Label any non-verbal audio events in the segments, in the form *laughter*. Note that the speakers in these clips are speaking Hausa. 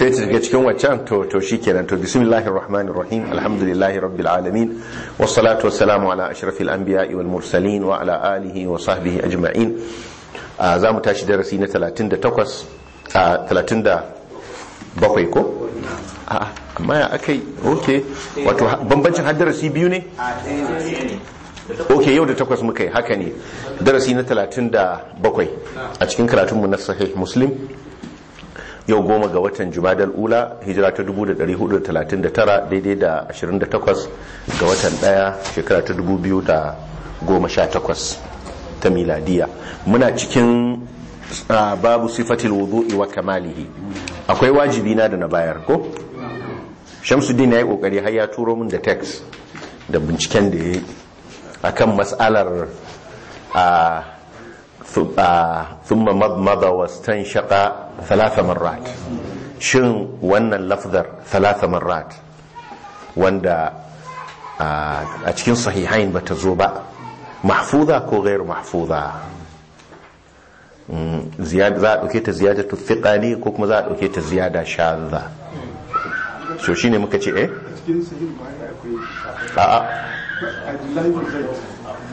sai ta daga cikin waccan to to kenan to bismillahir rahmanir rahim alhamdulillahi rabbil alamin wassalatu wassalamu ala ashrafil anbiya wal mursalin wa ala alihi wa sahbihi ajma'in za mu tashi darasi na 38 37 ko a amma ya akai okay wato bambancin har darasi biyu ne okay yau da takwas muka yi haka ne darasi na 37 a cikin karatunmu na sahih muslim yau goma ga watan jumadal ula hijira ta 439 daidai da 28 ga watan daya shekara ta 2018 ta miladiya muna cikin babu sifatil wudu'i wa kamalihi akwai wajibi na da na bayar ko shamsuddin ya yi kokari har ya turo min da text da binciken da ya yi akan matsalar a Ah, thumma madmada wastan shaqa thalatha marrat shin wannan lafzar thalatha marrat wanda ah, a cikin sahihain bata zo ba mahfuza ko ghairu mahfuza mm, ziyada za a dauke ta ziyadatu thiqani ko kuma za a dauke ta ziyada shadza so shine muka ce eh a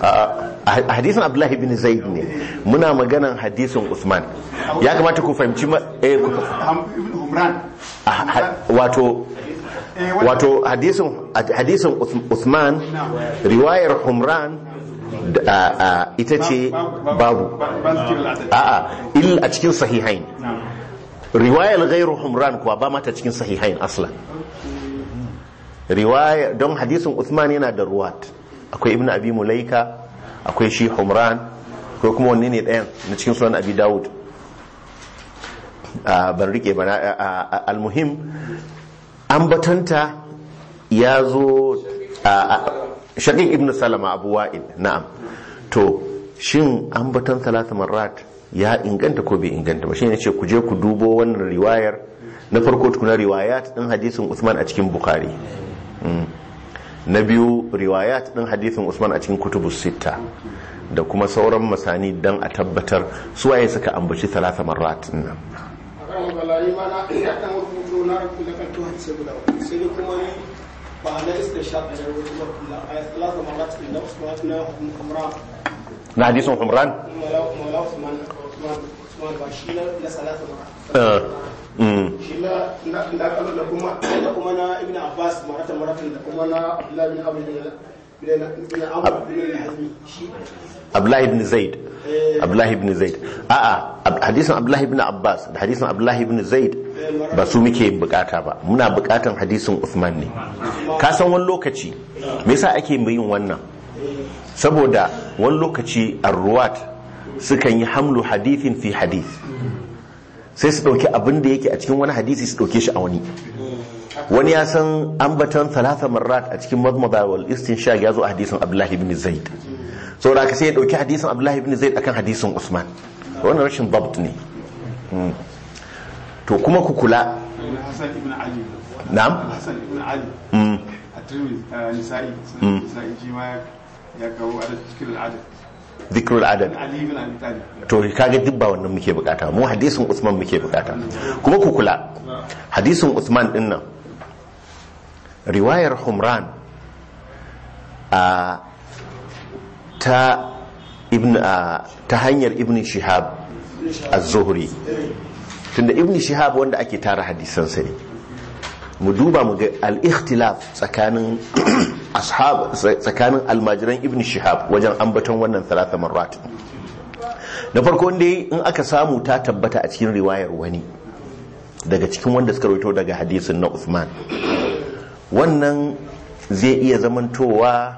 a hadisin abdullahi bin zaid ne muna maganan hadisin usman ya kamata ku fahimci eh ku wato eh, wato hadisin hadisin usman riwayar humran ita ce babu a'a il a cikin sahihain riwayar gairu humran kuwa ba mata cikin sahihain aslan riwaya don hadisin usman yana da ruwat akwai ibn abi mulaika akwai shi humran ko kuma wanne ne ɗayan na cikin sunan abi dawud ban rike ba almuhim ambatanta ya zo shaɗin ibn salama abu wa'il na'am to shin ambatan salatu marat ya inganta ko bai inganta ba shi ne ce ku je ku dubo wannan riwayar na farko tukuna riwayat ɗin hadisin usman a cikin bukari hmm. na biyu riwayat din hadithin usman a cikin kutubus sita da kuma sauran masani dan a tabbatar su waye suka ambaci talata maratun nan na hadisun humran? shi na da kuma da kuma na ibn abbas marata marata da kuma na abdullahi bin abu Abdullahi ibn Zaid eh, Abdullahi ibn Zaid a'a hadisin Abdullahi ibn Abbas da hadisin Abdullahi ibn Zaid eh, ba su muke bukata ba muna bukatan hadisin Usman ne ka san wani lokaci me yasa ake yin wannan saboda wani lokaci arruwat sukan yi hamlu hadithin fi hadith sai su ɗauki abin da yake a cikin wani hadisi su ɗauke shi a wani wani ya san ambaton talata marat a cikin mazmada wal istinshaq ya zo a hadisin abdullahi ibn zaid saboda haka sai ya ɗauki hadisin abdullahi ibn zaid akan hadisin usman wannan rashin dabt ne hmm. to kuma ku kula na'am hmm. a nisa'i hmm. ya kawo cikin al'adad zikrul adad to kaga duk ba wannan muke bukata mu hadisin usman muke bukata kuma ku kula hadisin usman din nan riwayar humran a ta ibn a ta hanyar ibn shihab az-zuhri tunda ibn shihab wanda ake tara hadisan sa mu duba mu ga al-ikhtilaf tsakanin ashab tsakanin almajiran ibn shihab wajen ambaton wannan thalatha marrat na farko dai in aka samu ta tabbata a cikin riwayar wani daga cikin wanda suka rawaito daga hadisin na Usman. wannan zai iya zamantowa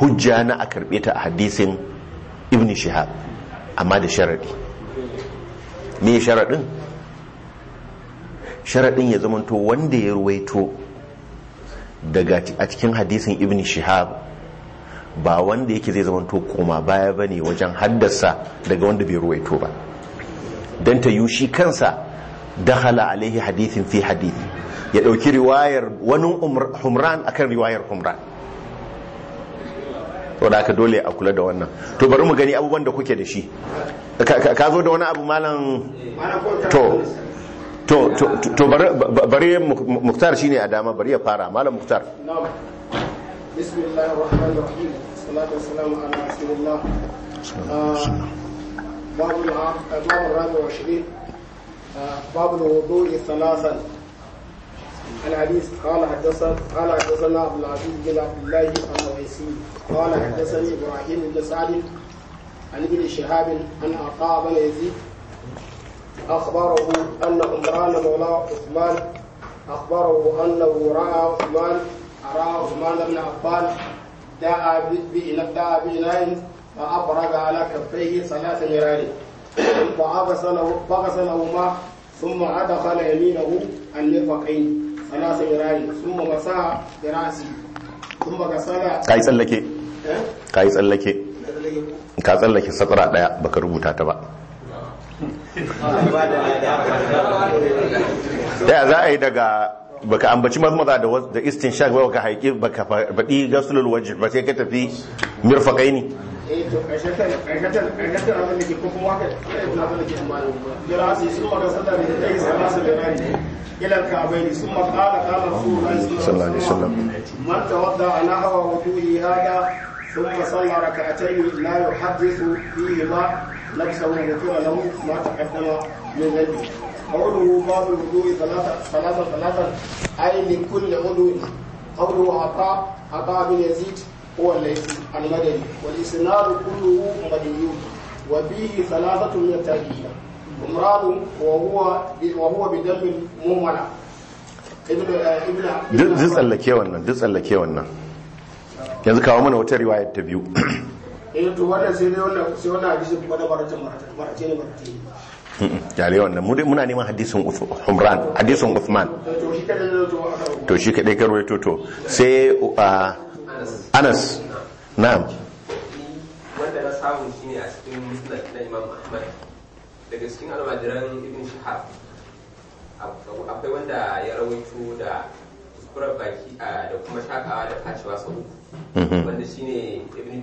hujja na a karbe ta a hadisin ibn shihab amma da sharadi me sharadin sharadin ya zamanto wanda ya ruwaito daga a cikin hadisin ibn shihab ba wanda yake zai zamanto koma baya ba ne wajen haddasa daga wanda bai ruwaito ba dan ta yushi kansa dakhala alaihi hadithin fi hadithi ya dauki riwayar wani humran akan riwayar humran to aka dole a kula da wannan to bari mu gani abubuwan da kuke da shi ka zo da wani abu malam to to to bari muktar shine a dama bari ya fara malam muktar باب الوضوء ثلاثا الحديث قال حدثنا قال حدثنا عبد العزيز بن عبد الله الرويسي قال حدثني ابراهيم بن سعد عن ابن شهاب عن عطاء بن يزيد أخبره أن عمران مولى عثمان أخبره أنه رأى عثمان رأى عثمان بن عفان دعا دعا بإناء فأبرز على كفيه ثلاث مرار فأغسلهما ثم أدخل يمينه النفقين ثلاث مرار ثم مسح برأسه ثم غسل كاي tsallake كاي tsallake ka tsallake satara daya baka rubuta ta ba daya za a yi daga baka ambaci mazmaza da da istin shak ba baka haiki baka faɗi gasulul wajh ba sai ka tafi mirfakai ثم صلى ركعتين لا يحدث فيهما نفسه وغفر له ما تقدم من ذلك قوله باب الوضوء ثلاثة ثلاثة ثلاثة أي لكل عضو قوله عطاء عطاء بن يزيد هو المدني والإسناد كله مدني وفيه ثلاثة من التركية امرأة وهو وهو بدم مهملة duk tsallake wannan جزء tsallake wannan yanzu kawo mana wata riwayar ta biyu eh to wannan sai dai wannan sai wannan kuma da barata ne ne jare *laughs* wannan mu muna neman hadisin Umran eh, sai uh, Anas na samu a cikin musnad na Imam Ahmad daga cikin almajiran Ibn akwai wanda ya rawaito da kuskuren baki da kuma shakawa da kacewa sau mm-hmm. wanda ne Ibn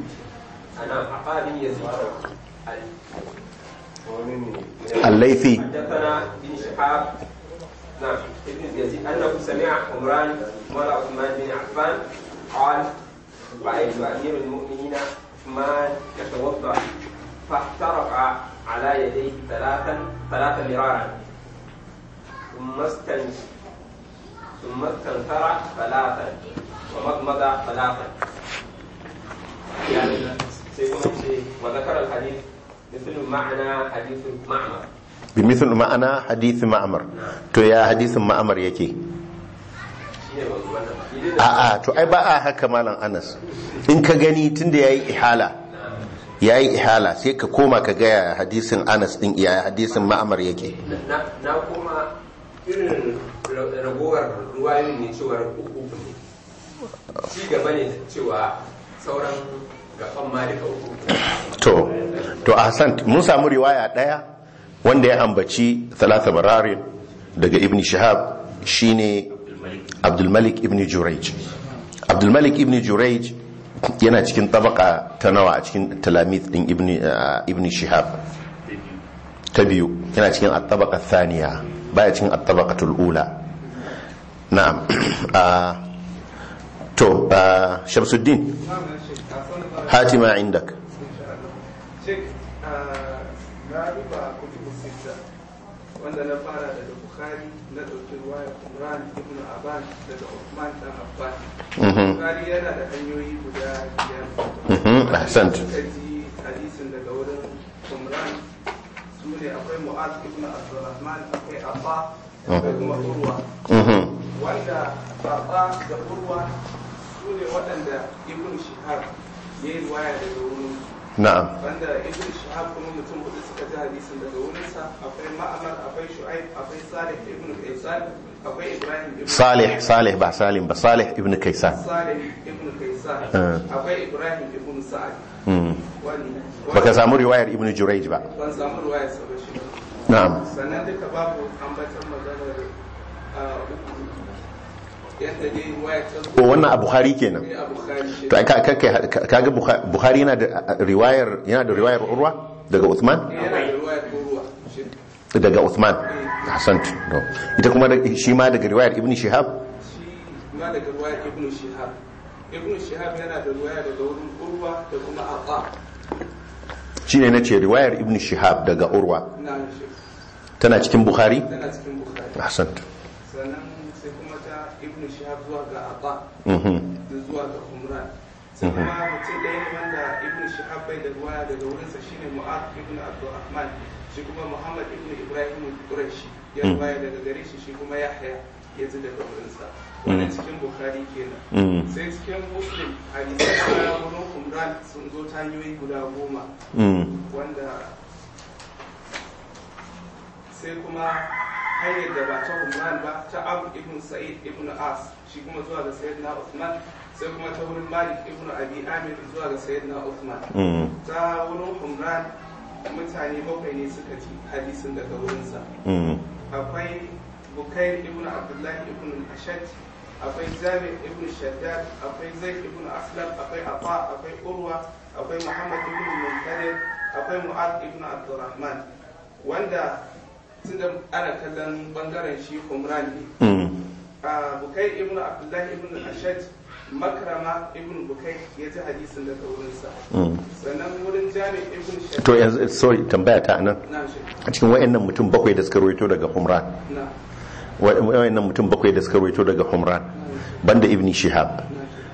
انا يزيد الليثي حدثنا بن شحاب نعم ابن يزيد انه سمع عمران مولى عثمان بن عفان قال رايت امير المؤمنين عثمان يتوضا فاحترق على يديه ثلاثا ثلاثا مرارا ثم استن ثم استنثر ثلاثا ومضمض ثلاثا يعني sai kuma ce wa zakarar hadith ma'ana hadithin ma'amar bi misalin ma'ana ma'amar to ya hadithin ma'amar yake a'a to ai ba a haka malam anas in ka gani tunda yayi ihala yayi ihala sai ka koma ka ga hadisin anas din iya hadisin ma'amar yake na koma irin ragowar ruwayoyin ne cewa uku ne ci gaba ne cewa sauran to to ahsan mun samu riwaya daya wanda ya ambaci thalatha mararin daga ibn shahab shine abdul malik ibn jurayj abdul malik ibn jurayj yana cikin tabaka ta nawa a cikin talamith din uh, ibn shihab ta biyu yana cikin at-tabaqa thaniya baya cikin at-tabaqatul ula na'am *clears throat* uh, to uh, shamsuddin hatima indak uh, wanda na fara daga bukhari na ɗauki ruwaya imran ibn aban daga uthman dan mhm. bukhari yana da hanyoyi guda biyar mhm, daga wurin su ne akwai ibn akwai mhm. wanda da su ne waɗanda ibn shihab na'am Banda ibn shahab kuma mutum hudu suka ji hadisin daga wurinsa akwai ma'amar akwai shu'aib akwai salih ibn kaisan akwai ibrahim ibn salih salih ba salim ba salih ibn kaisan salih ibn kaisan ah. akwai ibrahim ibn sa'ad hmm. baka samu riwayar ibn jurayj ba ban samu riwayar sa ba shi na'am sannan duka babu ambatan maganar ah, ko wannan a bukhari kenan to ai kaga buhari yana da riwayar yana da riwayar urwa daga usman daga uthman hasan ita kuma shi ma daga riwayar ibn shihab ma daga riwayar ibn shihab ibn shihab yana da riwaya daga wurin urwa da kuma aqa shine nace riwayar ibn shihab daga urwa tana cikin buhari tana cikin bukhari ahsanta sannan Mhm. zuwa ga umran sai kuma mhm. mutum da wanda ibn shahab bai da ruwaya daga wurinsa shine mu'ad ibn abdurrahman shi kuma muhammad ibn ibrahim qurashi ya mhm. ruwaya daga gare shi shi kuma yahya ya ji daga wurinsa wannan cikin bukhari kenan sai cikin muslim hadisi na wurin umran sun zo ta hanyoyi guda goma wanda sai kuma hanyar da ba ta Umar ba ta Abu ibn Sa'id ibn As shi kuma zuwa ga Sayyidina Uthman sai kuma ta wurin Malik ibn Abi Amir zuwa ga Sayyidina Uthman mm. ta wurin Umran mutane bakwai ne suka ji hadisin daga wurinsa mm. akwai Bukair ibn Abdullah ibn Ashad akwai Jabir ibn Shaddad akwai Zaid ibn Aslam akwai Afa akwai Urwa akwai Muhammad ibn Munkadir akwai Mu'ad ibn Abdurrahman wanda tunda ana kallon bangaren shi kumran ne hmm. bukai ibn abdullahi ibn ashad Makarama, ibn bukai ya ji hadisin daga wurinsa hmm. sannan wurin jami ibn shad to yanzu sorry tambaya ta anan a cikin wayannan mutum bakwai da suka rawaito daga humran wayannan mutum bakwai da suka rawaito daga humran banda ibn shihab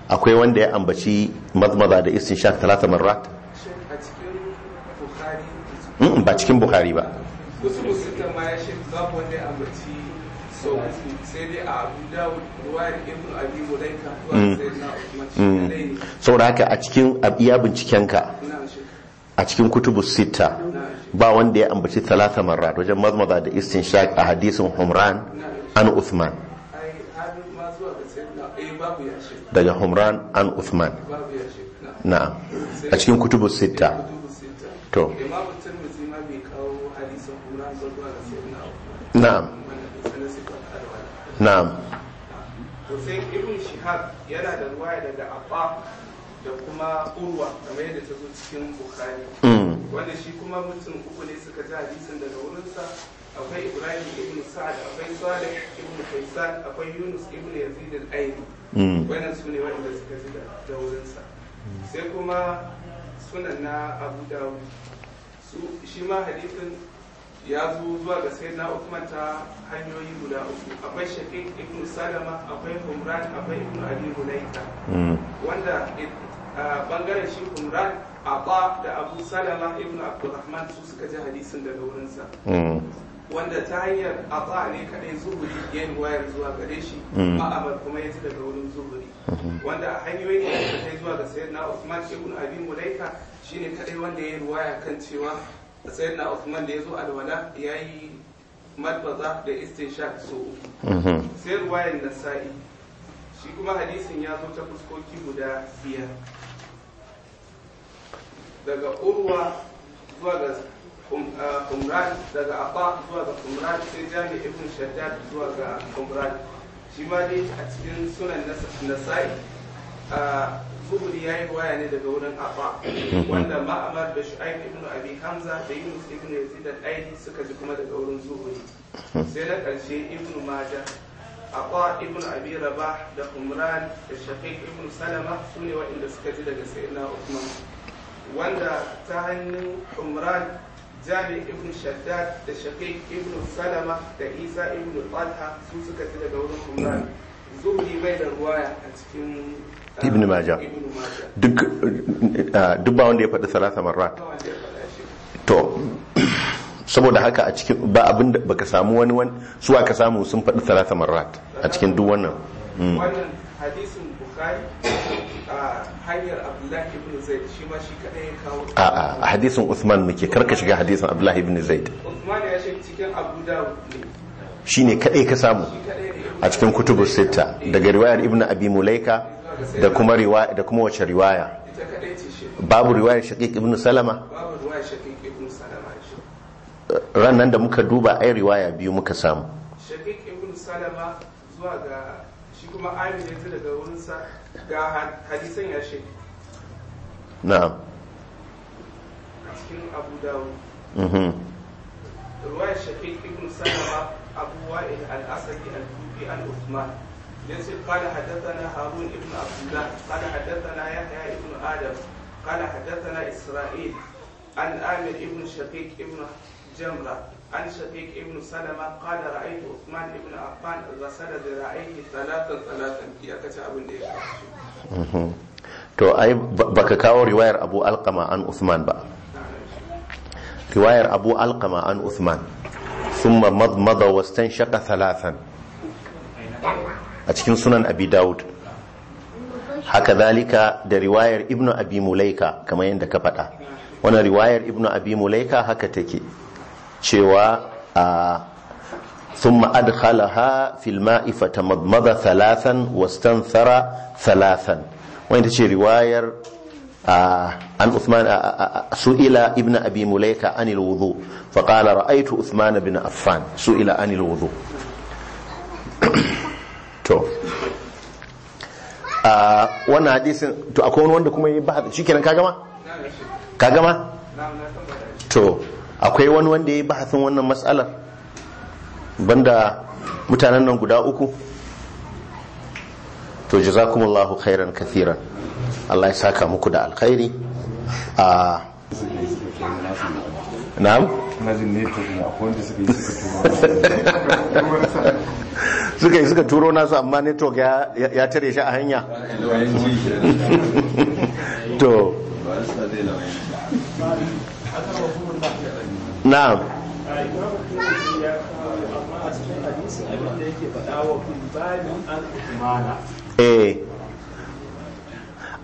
akwai wanda ya ambaci mazmaza da istinshaq talata marrat a cikin bukhari ba cikin bukhari ba wasu musulman ma ya shi babu wanda ya ambaci sau sai dai a abu dawud da ibn abi mulaika zuwa sai na haka a cikin iya ka a cikin kutubu sita ba wanda ya ambaci talata marar wajen mazmaza da istinshaq a hadisin humran an uthman eh, daga humran an uthman na'am a cikin kutubu sita to na'am na'am to sai ibn shihab yana da ruwaya daga abba da kuma urwa kamar yadda ta zo cikin bukari mm. wanda shi kuma mutum uku ne suka ji hadisin daga wurinsa akwai ibrahim ibn sa'ad akwai salih ibn faisal akwai yunus ibn yazid al-aini mm. wannan su ne wanda suka ji da wurinsa sai kuma sunan na abu dawud shi ma hadisin ya zo zuwa ga sai na Uthman ta hanyoyi guda uku akwai shafi ibn Salama akwai Umran akwai ibn Abi hulaita hmm. wanda eh, bangaren shi Umran Aba da Abu Salama ibn Abdurrahman su suka ji hadisin daga wurinsa hmm. wanda ta hanyar Aba ne kadai zuhuri ya yi wayar zuwa gare shi hmm. ba ma'abar kuma ya ji daga wurin zuhuri wanda hanyoyin da ta zuwa ga sayyidina Uthman ibn Abi shi shine kadai wanda ya yi ruwaya kan cewa sayyidina Usman da ya zo alwala ya yi madbaza da istinshaq so mhm. sai ruwayan nasa'i shi kuma hadisin ya zo ta fuskoki guda biyar daga urwa zuwa ga kumran daga abba zuwa ga kumran sai jami ibn shaddad zuwa ga kumran shi ma dai a cikin sunan nasa'i zuburi ya yi waya ne daga wurin abba wanda ma'amar da shu'aib ibn abi hamza da yunus ibn yazid da aini suka ji kuma daga wurin zuhuri sai na karshe ibn majah abba ibn abi rabah da umran da shaqiq ibn salama su ne waɗanda suka ji daga sayyidina usman wanda ta hannun umran jami ibn shaddad da shaqiq ibn salama da isa ibn talha su suka ji daga wurin umran zuhuri bai da ruwaya a cikin ibn maja eh, eh, duk ba wanda ya faɗi salasa marrat to *clears throat* saboda haka a cikin ba abin da baka samu wani wani suwa ka samu sun faɗi salasa marrat a cikin duk wannan hmm. wannan hadisin bukhari hanyar abdullahi ibn zaid shi ma shi kadai ya kawo a a hadisin usman muke karka shiga hadisin abdullahi ibn zaid usman ya shi cikin abu dawud ne kadai ka samu a cikin kutubus sita daga riwayar ibn abi mulaika da kuma riwaya da kuma wace riwaya babu riwayar shaqiq ibn salama ranan da muka duba ai riwaya biyu muka samu shaqiq ibn salama zuwa ga shi kuma ne ta daga wurin sa ga hadisan ya shi na'am cikin abu dawo mhm ruwayar shaqiq ibn salama abu wa'il al-asadi al-kufi al-uthman ينسب قال حدثنا هارون بن عبد الله قال حدثنا يحيى بن ادم قال حدثنا اسرائيل عن عامر بن شقيق بن جمره عن شقيق بن سلمه قال رايت عثمان بن عفان غسل ذراعيه ثلاثا ثلاثا في اكتب ابن to ai baka kawo riwayar abu alkama an usman ba riwayar abu alkama an usman summa madmada wastan shaka thalathan a cikin sunan abi dawud haka zalika da riwayar ibnu abi mulaika kamar yadda ka faɗa wani riwayar ibnu abi mulaika haka take cewa a ثم أدخلها في الماء فتمضمض ثلاثا واستنثر ثلاثا وين تشي رواية عن عثمان سئل ابن أبي مليكة عن الوضوء فقال رأيت عثمان بن عفان سئل عن الوضوء to a wannan hadisin to akwai wani wanda kuma yi ba shikenan ka gama ka gama to akwai wani wanda ya yi bahasin wannan matsalar banda mutanen nan guda uku to jazakumullahu khairan kathiran Allah ya saka muku da alkhairi a na'am suka yi suka turo nasu amma network ya tare shi a hanya *laughs* to na'am eh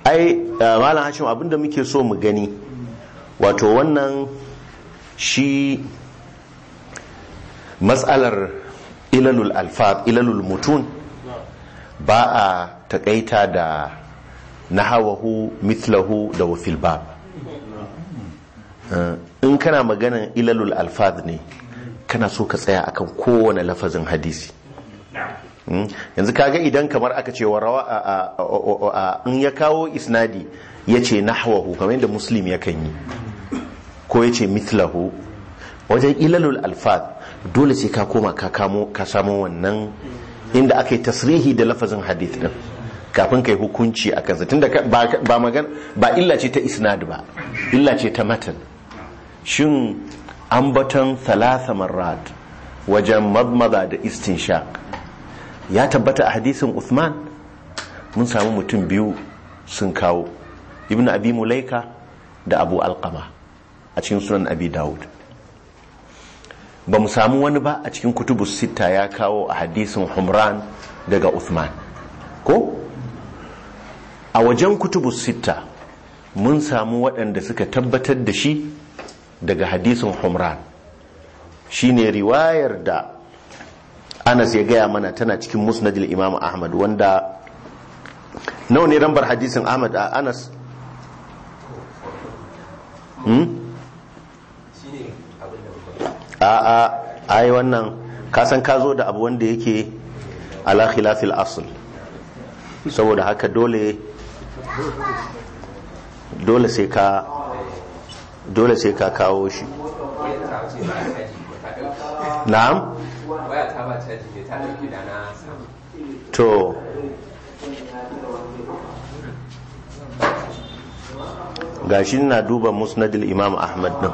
ai eh, malam hashim abinda muke so mu gani wato wannan shi matsalar ilalul alfab ilalul mutun ba a takaita da nahawahu mithlahu da wafil bab eh, in kana maganan ilalul alfaz ne kana so ka tsaya akan kowane lafazin hadisi hmm? yanzu kaga idan kamar aka ce rawa in ya kawo isnadi ya ce nahwahu kamar yadda muslim ya kan yi ko ya ce mitlahu wajen ilalul alfad dole sai ka koma ka kamo ka samo wannan inda aka yi tasrihi da lafazin hadith din kafin kai hukunci a kansa tunda ba ba illa ce ta isnad ba illa ce ta matan shin batan thalatha marrat wajen madmada da istin istinshaq ya tabbata a hadisin Uthman mun samu mutum biyu sun kawo ibnu abi mulaika da abu alqama a cikin sunan abi dawud ba mu samu wani ba a cikin kutubu sita ya kawo a hadisin humran daga uthman ko a wajen kutubu sita mun samu waɗanda suka tabbatar da shi daga hadisin humran shine riwayar da anas ya gaya mana tana cikin musnadil imam ahmad wanda nawa ne rambar hadisin ahmad a anas hmm? a'a ai wannan kasan ka zo da abu wanda yake ala khilafil asl saboda haka dole dole sai ka dole sai ka kawo shi na'am to gashi na duba musnadil imam ahmad din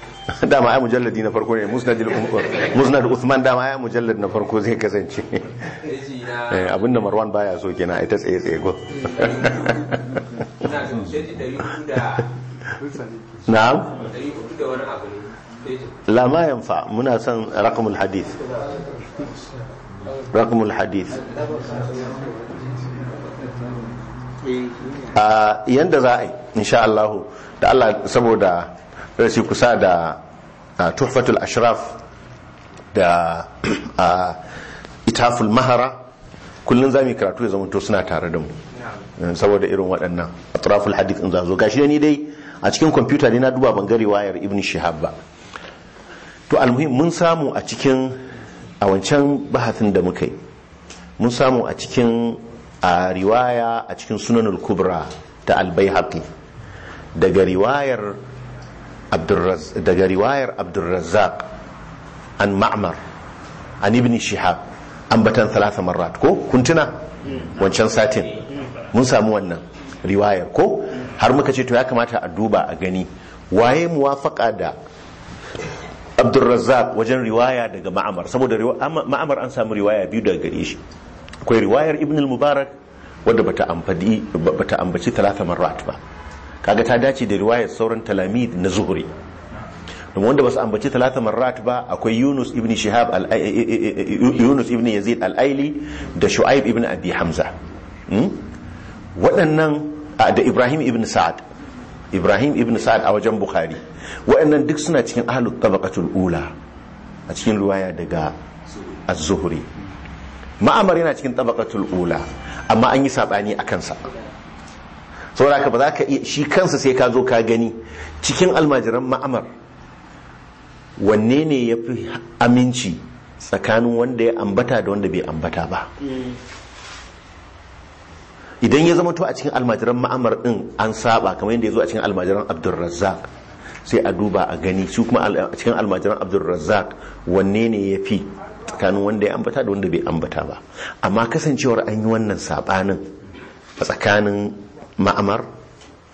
*laughs* dama ya mujalladi na farko ne um-, musnad Uthman dama ya mujallad na farko zai kasance eh, abinda Marwan baya so kenan ita tsaye tsaye go na'am la ma yanfa muna son rakamul hadith rakamul hadith eh, a ah, yanda za a yi insha'allahu da Allah saboda sai kusa da tuhfatul ashraf da itaful mahara kullum za mu karatu ya to suna tare da mu saboda irin waɗannan atraful hadith in za zo gashi ni dai a cikin kwamfuta ne na duba bangare wayar ibn shihab ba to almuhim mun samu a cikin a wancan bahatin da muka yi mun samu a cikin a riwaya a cikin sunanul kubra ta albai daga riwayar daga riwayar abdurrazzaq an ma'amar an ibn shihab batan thalatha marat ko kuntuna. Hmm. wancan satin mun samu wannan riwayar ko har muka ce to ya kamata a duba a gani waye muwafaka da abdurrazzaq wajen riwaya daga ma'amar saboda ma'amar an samu riwaya biyu daga gare shi akwai riwayar ibn al-mubarak wadda bata ambaci talata marat ba kaga ta dace da riwayar sauran talamid na zuhuri domin wanda ba su ambaci talata marat ba akwai yunus ibn shihab eh, eh, eh, yunus ibn yazid al'aili da shu'aib ibn abi hamza hmm? waɗannan ah, da ibrahim ibn sa'ad ibrahim ibn sa'ad a wajen bukhari waɗannan duk suna cikin ahlul tabaqatul ula a cikin riwaya daga az-zuhri ma'amar yana cikin tabaqatul ula amma an yi sabani akan sa saboda ka ba za ka iya shi kansa sai ka zo ka gani cikin almajiran ma'amar wanne ne ya fi aminci tsakanin wanda ya ambata da wanda bai ambata ba idan ya zama to a cikin almajiran ma'amar din an saba kamar yadda ya zo a cikin almajiran abdulrazzaq sai a duba a gani su kuma a cikin almajiran abdulrazzaq wanne ne ya fi tsakanin wanda ya ambata da wanda bai ambata ba amma kasancewar an yi wannan sabanin a tsakanin ma'amar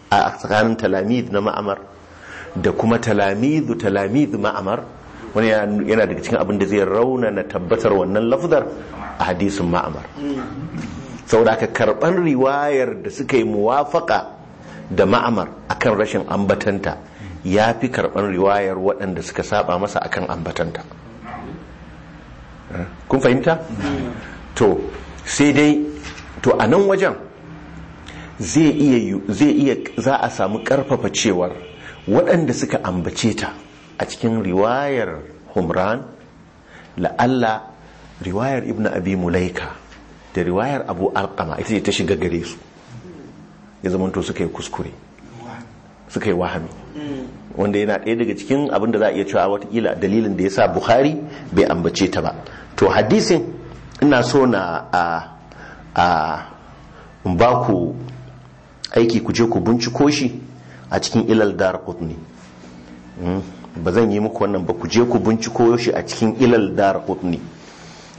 a tsakanin talamid na ma'amar da kuma talamidu talamidu ma'amar wani yana daga cikin abin da zai rauna na tabbatar wannan lafudar a hadisin ma'amar Sau da aka karɓar riwayar da suka yi muwafaka da ma'amar akan rashin ambatanta ya fi karɓar riwayar waɗanda suka saba masa akan ambatanta kun fahimta? to sai dai to a nan wajen zai iya za a samu karfafa cewar waɗanda suka ambace ta a cikin riwayar humran la'alla riwayar ibn abi mulaika da riwayar abu alkama ita ce ta shiga gare su ya zamanto suka yi kuskure suka yi wahami wanda yana ɗaya daga cikin abin da za a iya cewa watakila dalilin da ya sa Buhari bai ambace ta ba to hadisin ina so na a ba ku aiki ku je ku binciko shi a cikin ilal kutni hmm? ba zan yi muku wannan ba ku je ku binciko shi a cikin ilal kutni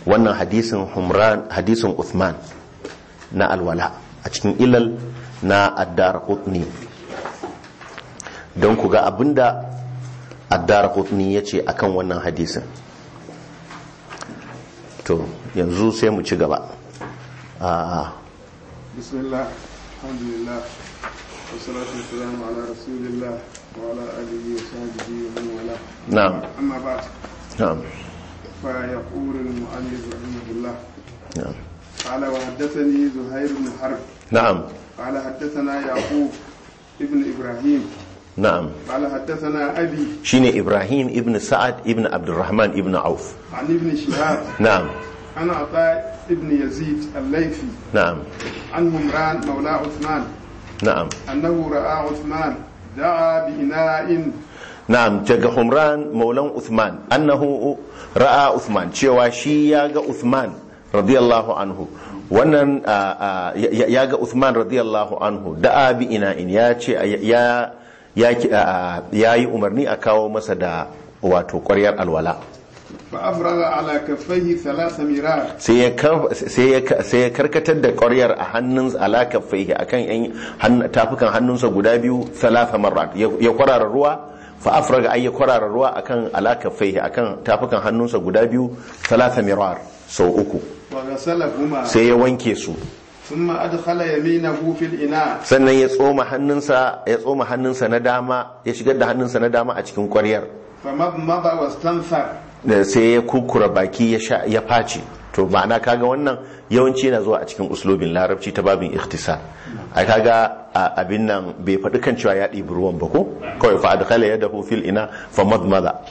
wannan hadisin humran hadisin Uthman na alwala a cikin ilal na addar kutni don ku ga abinda ad-darqutni yace akan wannan hadisin to yanzu sai mu ci gaba a'a. Ah. bismillah الحمد لله والصلاة والسلام على رسول الله وعلى آله وصحبه ومن والاه نعم أما بعد نعم فيقول المؤلف رحمه الله نعم قال وحدثني زهير بن حرب نعم قال حدثنا يعقوب ابن إبراهيم نعم قال حدثنا أبي شين إبراهيم ابن سعد ابن عبد الرحمن ابن عوف عن ابن شهاب نعم أنا عطاء ابن يزيد الليثي نعم عن همران مولى عثمان نعم أنه رأى عثمان دعا بإناء na'am daga humran maulan uthman annahu ra'a uthman cewa shi ya ga uthman radiyallahu anhu wannan ya ga uthman radiyallahu anhu da'a bi in ya ce ya yi umarni a kawo masa da wato ƙwaryar alwala sai ya karkatar da ƙwaryar a hannun alakafaihi a kan tafukan hannunsa guda biyu salasa marat ya kwarara ruwa fa'afraga ai ya kwarara a kan alakafaihi a kan tafukan hannunsa guda biyu salasa mirar sau uku sai ya wanke su sannan ya tsoma hannunsa ya tsoma hannunsa na dama ya shigar da hannunsa na dama a cikin ƙwaryar sai ya kukura baki ya face to ma'ana kaga wannan yawanci yana zuwa a cikin uslobin larabci ta babin ikhtisar A kaga abin nan bai faɗi kan cewa ya ɗibi ruwan ba ko kawai fa adkhala yadahu fil ina fa madmada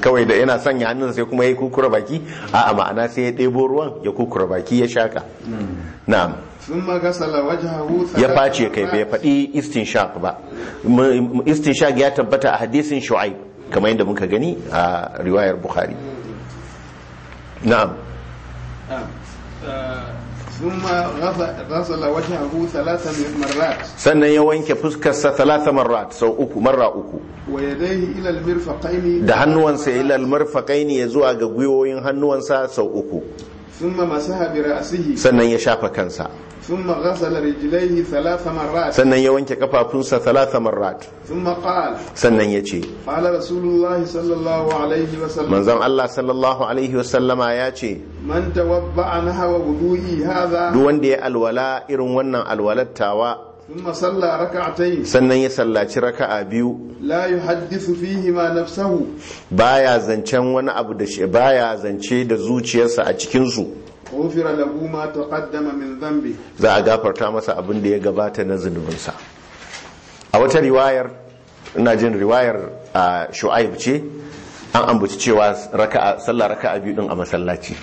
kawai da yana sanya hannunsa sai kuma yayi kukura baki a'a ma'ana sai ya ɗebo ruwan ya kukura baki ya shaka na'am ya face kai bai faɗi istinshaq ba istinshaq ya tabbata a hadisin shu'aib kamar yadda muka gani a riwayar bukhari na'am sannan ya wanke fuskarsa talata marat sau uku marra uku da hannuwansa ilal marfaƙaini ya zuwa ga gwiwoyin hannuwansa sau uku thumma masaha sannan ya shafa kansa thumma ghasala rijlaihi thalatha marrat sannan ya wanke kafafunsa thalatha marrat sannan ya ce qala rasulullahi alaihi wa Allah sallallahu alaihi wa sallama ya ce duk wanda ya alwala irin wannan alwalattawa sannan ya sallaci raka'a biyu la yuhaddithu fihi ma nafsahu baya zancen wani abu da shi baya zance da zuciyarsa a cikin su ghufira lahu ma min dhanbi za a gafarta masa abin da ya gabata na zunubinsa a wata riwayar ina jin riwayar shu'aib ce an ambaci cewa raka'a raka raka'a biyu din a masallaci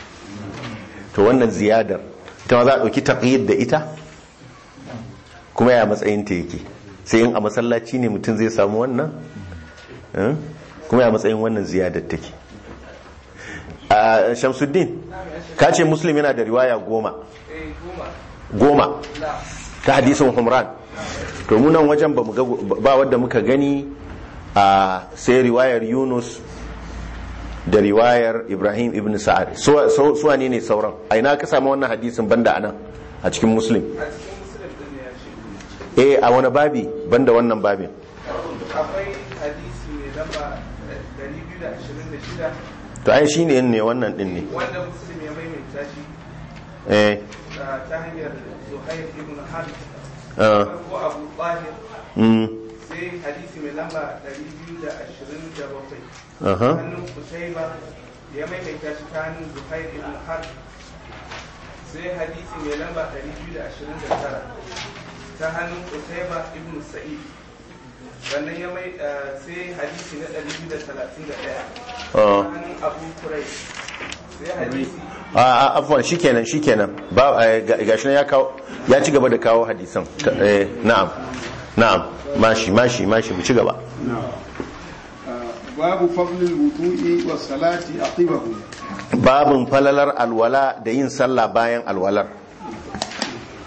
to wannan ziyadar ta za a ɗauki taqyid da ita kuma ya matsayin ta yake sai in a masallaci ne mutum zai samu wannan eh? kuma ya matsayin wannan ziyadar take a shamsuddin ka ce muslim yana da riwaya goma goma ta hadisun humran to munan wajen ba wadda muka gani a sai riwayar yunus da riwayar ibrahim ibn sa'ad suwa ne ne sauran a ina ka samu wannan hadisin banda anan a cikin muslim eh a wani babi banda wannan babin akwai hadisi mai lamba 226 to ai shine ne ne wannan din ne wanda muslim ya maimaita shi eh ta hanyar zuhair ibn harb ah. ko abu tahir mm. sai hadisi mai lamba 227 hannun kusaiba ya maimaita shi ta hannun zuhair ibn harb sai hadisi mai lamba 229 ta hannun Qutayba ibn Sa'id sannan ya mai eh, sai hadisi na 231 ta hannun Abu Kurai sai hadisi a afwan shikenan shikenan ba eh, gashi ya kawo ya ci gaba da kawo hadisan eh, na'am na'am mashi mashi mashi mu ci gaba babu fadlil wudu'i wa salati aqibahu babun falalar alwala da yin sallah bayan alwalar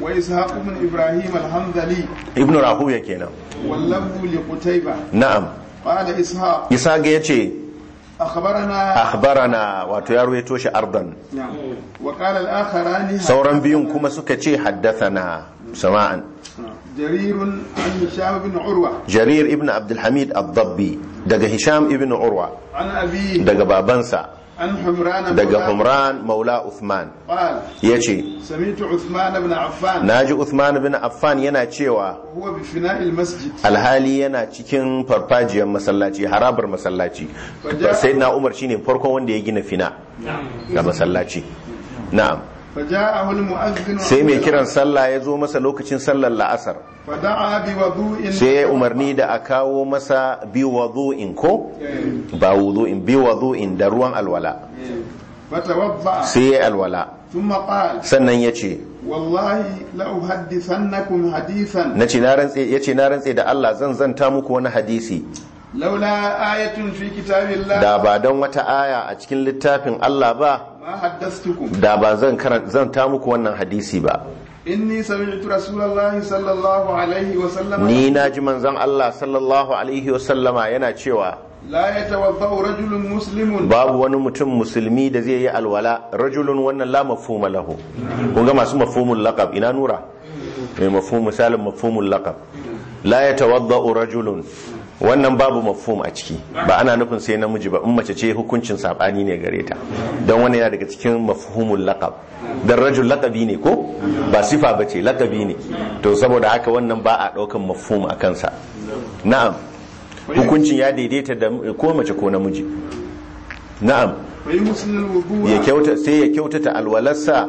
wa ishaq ibn ibrahim al-hanzali ibn rahuya kenan wallahu li qutayba na'am qala ishaq ishaq yace akhbarana akhbarana wato ya ruwaito shi ardan na'am wa qala al biyun kuma suka ce haddathana sama'an jarirun an hisham ibn urwa jarir ibn Abdulhamid al-hamid daga hisham ibn urwa an abi daga babansa daga humran maula uthman ya ce na ji uthman bin affan yana cewa alhali yana cikin farfajiyar masallaci harabar masallaci sai na umar shine farkon wanda ya gina fina ga masallaci na'am sai mai kiran sallah ya zo masa lokacin sallar la'asar sai ya umarni da a kawo masa biwadu'in ko ba wudu'in biwadu'in da ruwan alwala sai ya alwala sannan ya ce wallahi na ce na rantse da Allah zan zanta muku wani hadisi laula ayatun fi kitabillah da ba don wata aya a cikin littafin Allah ba da ba zan zan ta muku wannan hadisi ba inni sami'tu rasulullahi sallallahu alaihi wa sallama ni na ji manzon Allah sallallahu alaihi wa sallama yana cewa la rajulun muslimun babu wani mutum musulmi da zai yi alwala rajulun wannan la mafhuma lahu kun ga masu mafhumul laqab ina nura mai eh, mafhum misalin mafhumul laqab la yatawaddau rajulun wannan babu mafhum a ciki ba ana nufin sai namiji ba in mace ce hukuncin sabani ne gare ta don wani yana daga cikin mafhumul laqab dan rajul laqabi ne ko ba sifa bace laqabi ne to saboda haka wannan ba a daukan mafhum a kansa na'am hukuncin ya daidaita da ko mace ko namiji na'am ya kyauta sai ya kyautata alwalarsa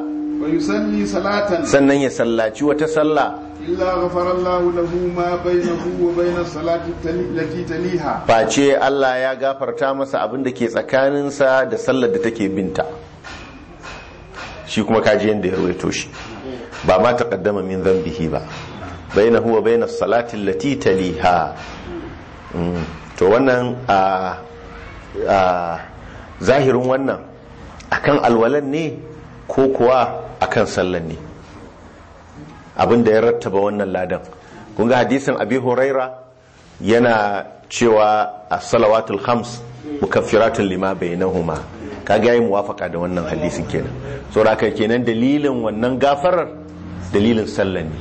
sannan ya sallaci wata sallah illa ghafara Allahu lahu ma bainahu wa bain salati allati taliha face Allah ya gafarta masa abin da ke tsakaninsa da sallar da take binta shi kuma kaji yanda ya ruwaito shi ba ma taqaddama min dhanbihi ba bainahu wa bain salati allati taliha mm. to wannan a zahirin wannan akan alwalan ne ko kuwa akan sallan ne abin da ya rattaba wannan ladan kun ga hadisin abi huraira yana cewa a salawatul khams mukaffiratun lima bainahuma kaga yayi muwafaka da wannan hadisin kenan saboda kai kenan dalilin wannan gafarar dalilin sallah ne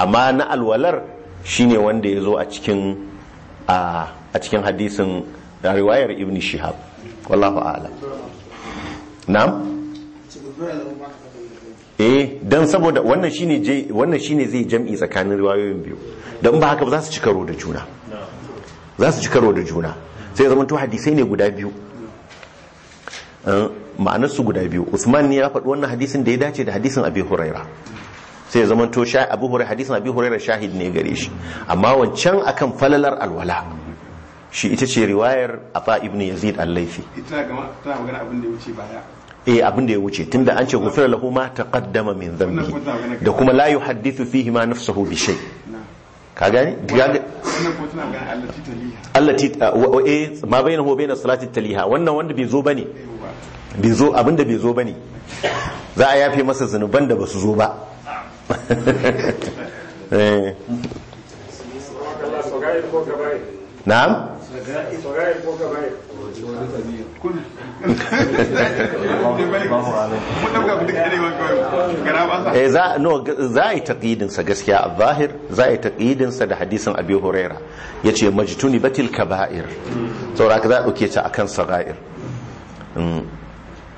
amma na alwalar shine wanda ya zo a cikin a cikin hadisin riwayar ibn shihab wallahu a'lam na'am eh dan saboda wannan shine je wannan shine zai jam'i tsakanin riwayoyin biyu dan ba haka za su ci karo da juna za su ci karo da juna sai zama to hadisai ne guda biyu eh, ma'anar su guda biyu Usman ne ya faɗi wannan hadisin da ya dace da hadisin Abi Huraira sai zama to sha Abu Huraira hadisin Abi Huraira shahid ne gare shi amma wancan akan falalar alwala shi ita ce riwayar Afa ibn Yazid al-Laifi ita ga ta magana abin da ya wuce baya eh abin da ya wuce tunda an ce gufira lahu ma taqaddama min dhanbi da kuma la yuhaddithu fihi ma nafsuhu bi shay ka gani Allah allati ah, eh ma bainahu wa bain salati taliha wannan wanda bai zo bane bai zo abin da bai zo bane za a yafe masa zanuban da basu zo ba *laughs* eh na'am Eh, za a yi taƙidinsa gaskiya a zahir za a yi taƙidinsa da hadisin abi huraira ya ce majituni batil kaba'ir saura ka za a ɗauke ta a kan sara'ir mm.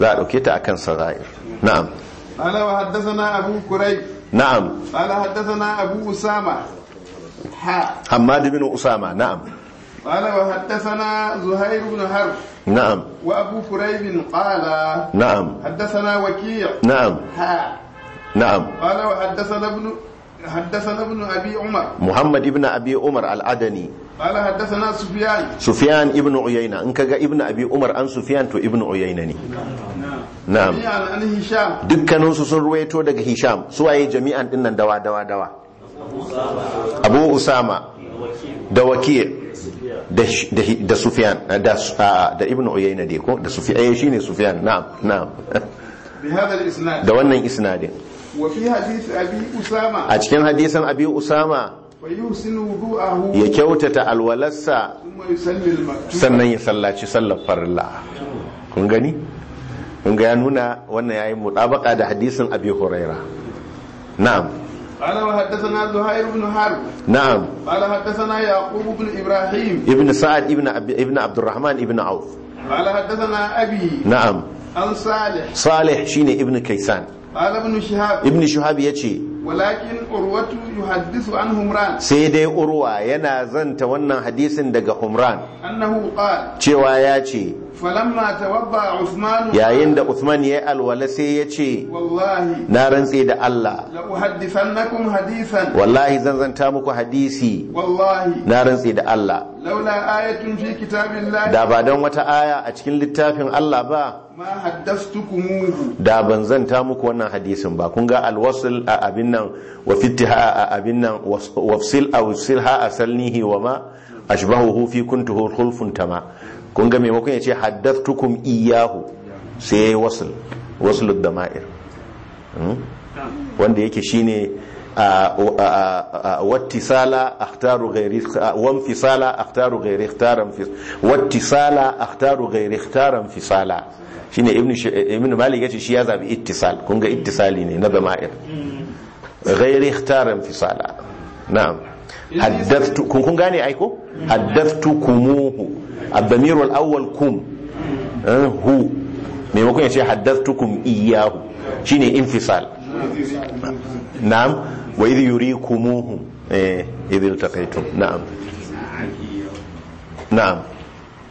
za a ɗauke ta a kan sara'ir na'am ala wa haddasa na abu kurai na'am ala haddasa na abu usama ha hamadu bin usama na'am قال وحدثنا زهير بن حرب نعم وابو كريب قال نعم حدثنا وكيع نعم ها نعم قال وحدثنا ابن حدثنا ابن ابي عمر محمد ابن ابي عمر العدني قال حدثنا سفيان سفيان ابن عيينه ان كغا ابن ابي عمر ان سفيان تو ابن عيينه ني نعم عن هشام دكانهم sun ruwaito daga hisham su waye jami'an dinnan dawa dawa dawa abu usama da waki da sufiyan da ibn uyayna dai ko da sufiyan eh, shi ne sufiyan na'am na'am da wannan isnadin a cikin hadisan abi usama ya kyautata alwalarsa sannan ya sallaci sallar farla kun gani kun ga ya nuna wannan yayin mutabaka da hadisan abi huraira na'am قال وحدثنا زهير بن حرب نعم قال حدثنا يعقوب بن ابراهيم ابن سعد ابن أب... ابن عبد الرحمن ابن عوف قال حدثنا ابي نعم عن صالح صالح شيني ابن كيسان قال ابن شهاب ابن شهاب يجي ولكن urwatu yuhaddisu an humran sai dai urwa yana zanta wannan hadisin daga humran annahu qala cewa ya ce yayin da Usman ya alwala sai ya ce na rantse da Allah wallahi zan zanta muku hadisi na rantse da Allah da ba don wata aya a cikin littafin Allah ba da ban zanta muku wannan hadisin ba kun ga alwasil a abin nan wa fitiha a abin nan wafsil a wasilha asalnihi wa ma ashbahuhu fi kuntuhu khulfun tama kun ga maimakon ya ce haddaftukum iyahu sai wasul wasl da dama'ir hmm? wanda yake shine wattisala akhtaru ghairi wanfisala akhtaru ghairi wattisala akhtaru ghairi ikhtaram fisala shine ibnu ibnu malik yace shi ya zabi ittisal kun ga ittisali ne na dama'ir hmm. ghairi ikhtaram fisala na'am haddathtu kun kun gane aiko haddathtu kumuhu ad-damiru al-awwal kum eh, hu maimakon ya ce haddathtukum iyyahu shine infisal na'am wa idh yurikumuhum eh idh iltaqaytum na'am na'am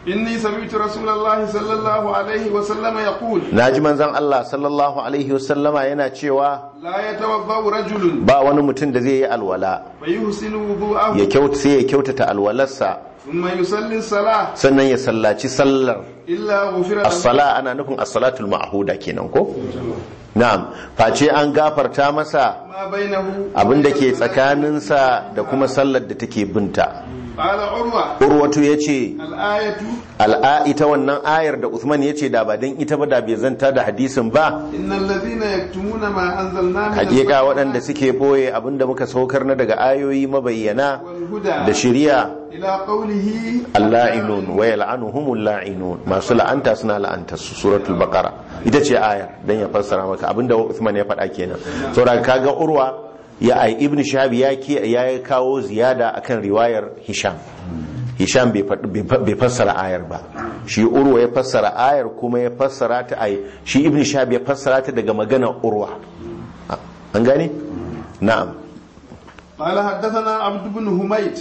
inni sami'tu rasulullahi sallallahu alaihi wa sallama yaqul naji manzon Allah sallallahu alaihi wa sallama yana cewa la yatawadda rajulun ba wani mutum da zai yi alwala ya kyauta sai ya kyautata alwalarsa sannan ya sallaci sallar as ana nufin as-salatul ma'huda kenan ko na'am face an gafarta masa abinda ke tsakaninsa da kuma sallar da take binta urwatu ya ce al'a'ita wannan ayar da uthman ya ce da ba don ita ba da bai zanta da hadisin ba hakika waɗanda suke boye abinda muka saukar na daga ayoyi mabayyana da shirya alla'inun wa yal'anuhumul la'inun masu la'anta suna la'anta su suratul baƙara ita ce ayar don ya fassara maka abinda uthman ya faɗa kenan ka ga urwa ya ibn shahab ya ya kawo ziyada akan riwayar hisham hisham bai fassara ayar ba shi urwa ya fassara ayar kuma ya fassara ta ai shi ibn shahab ya fassara ta daga magana urwa an gane na'am قال حدثنا عبد بن حميد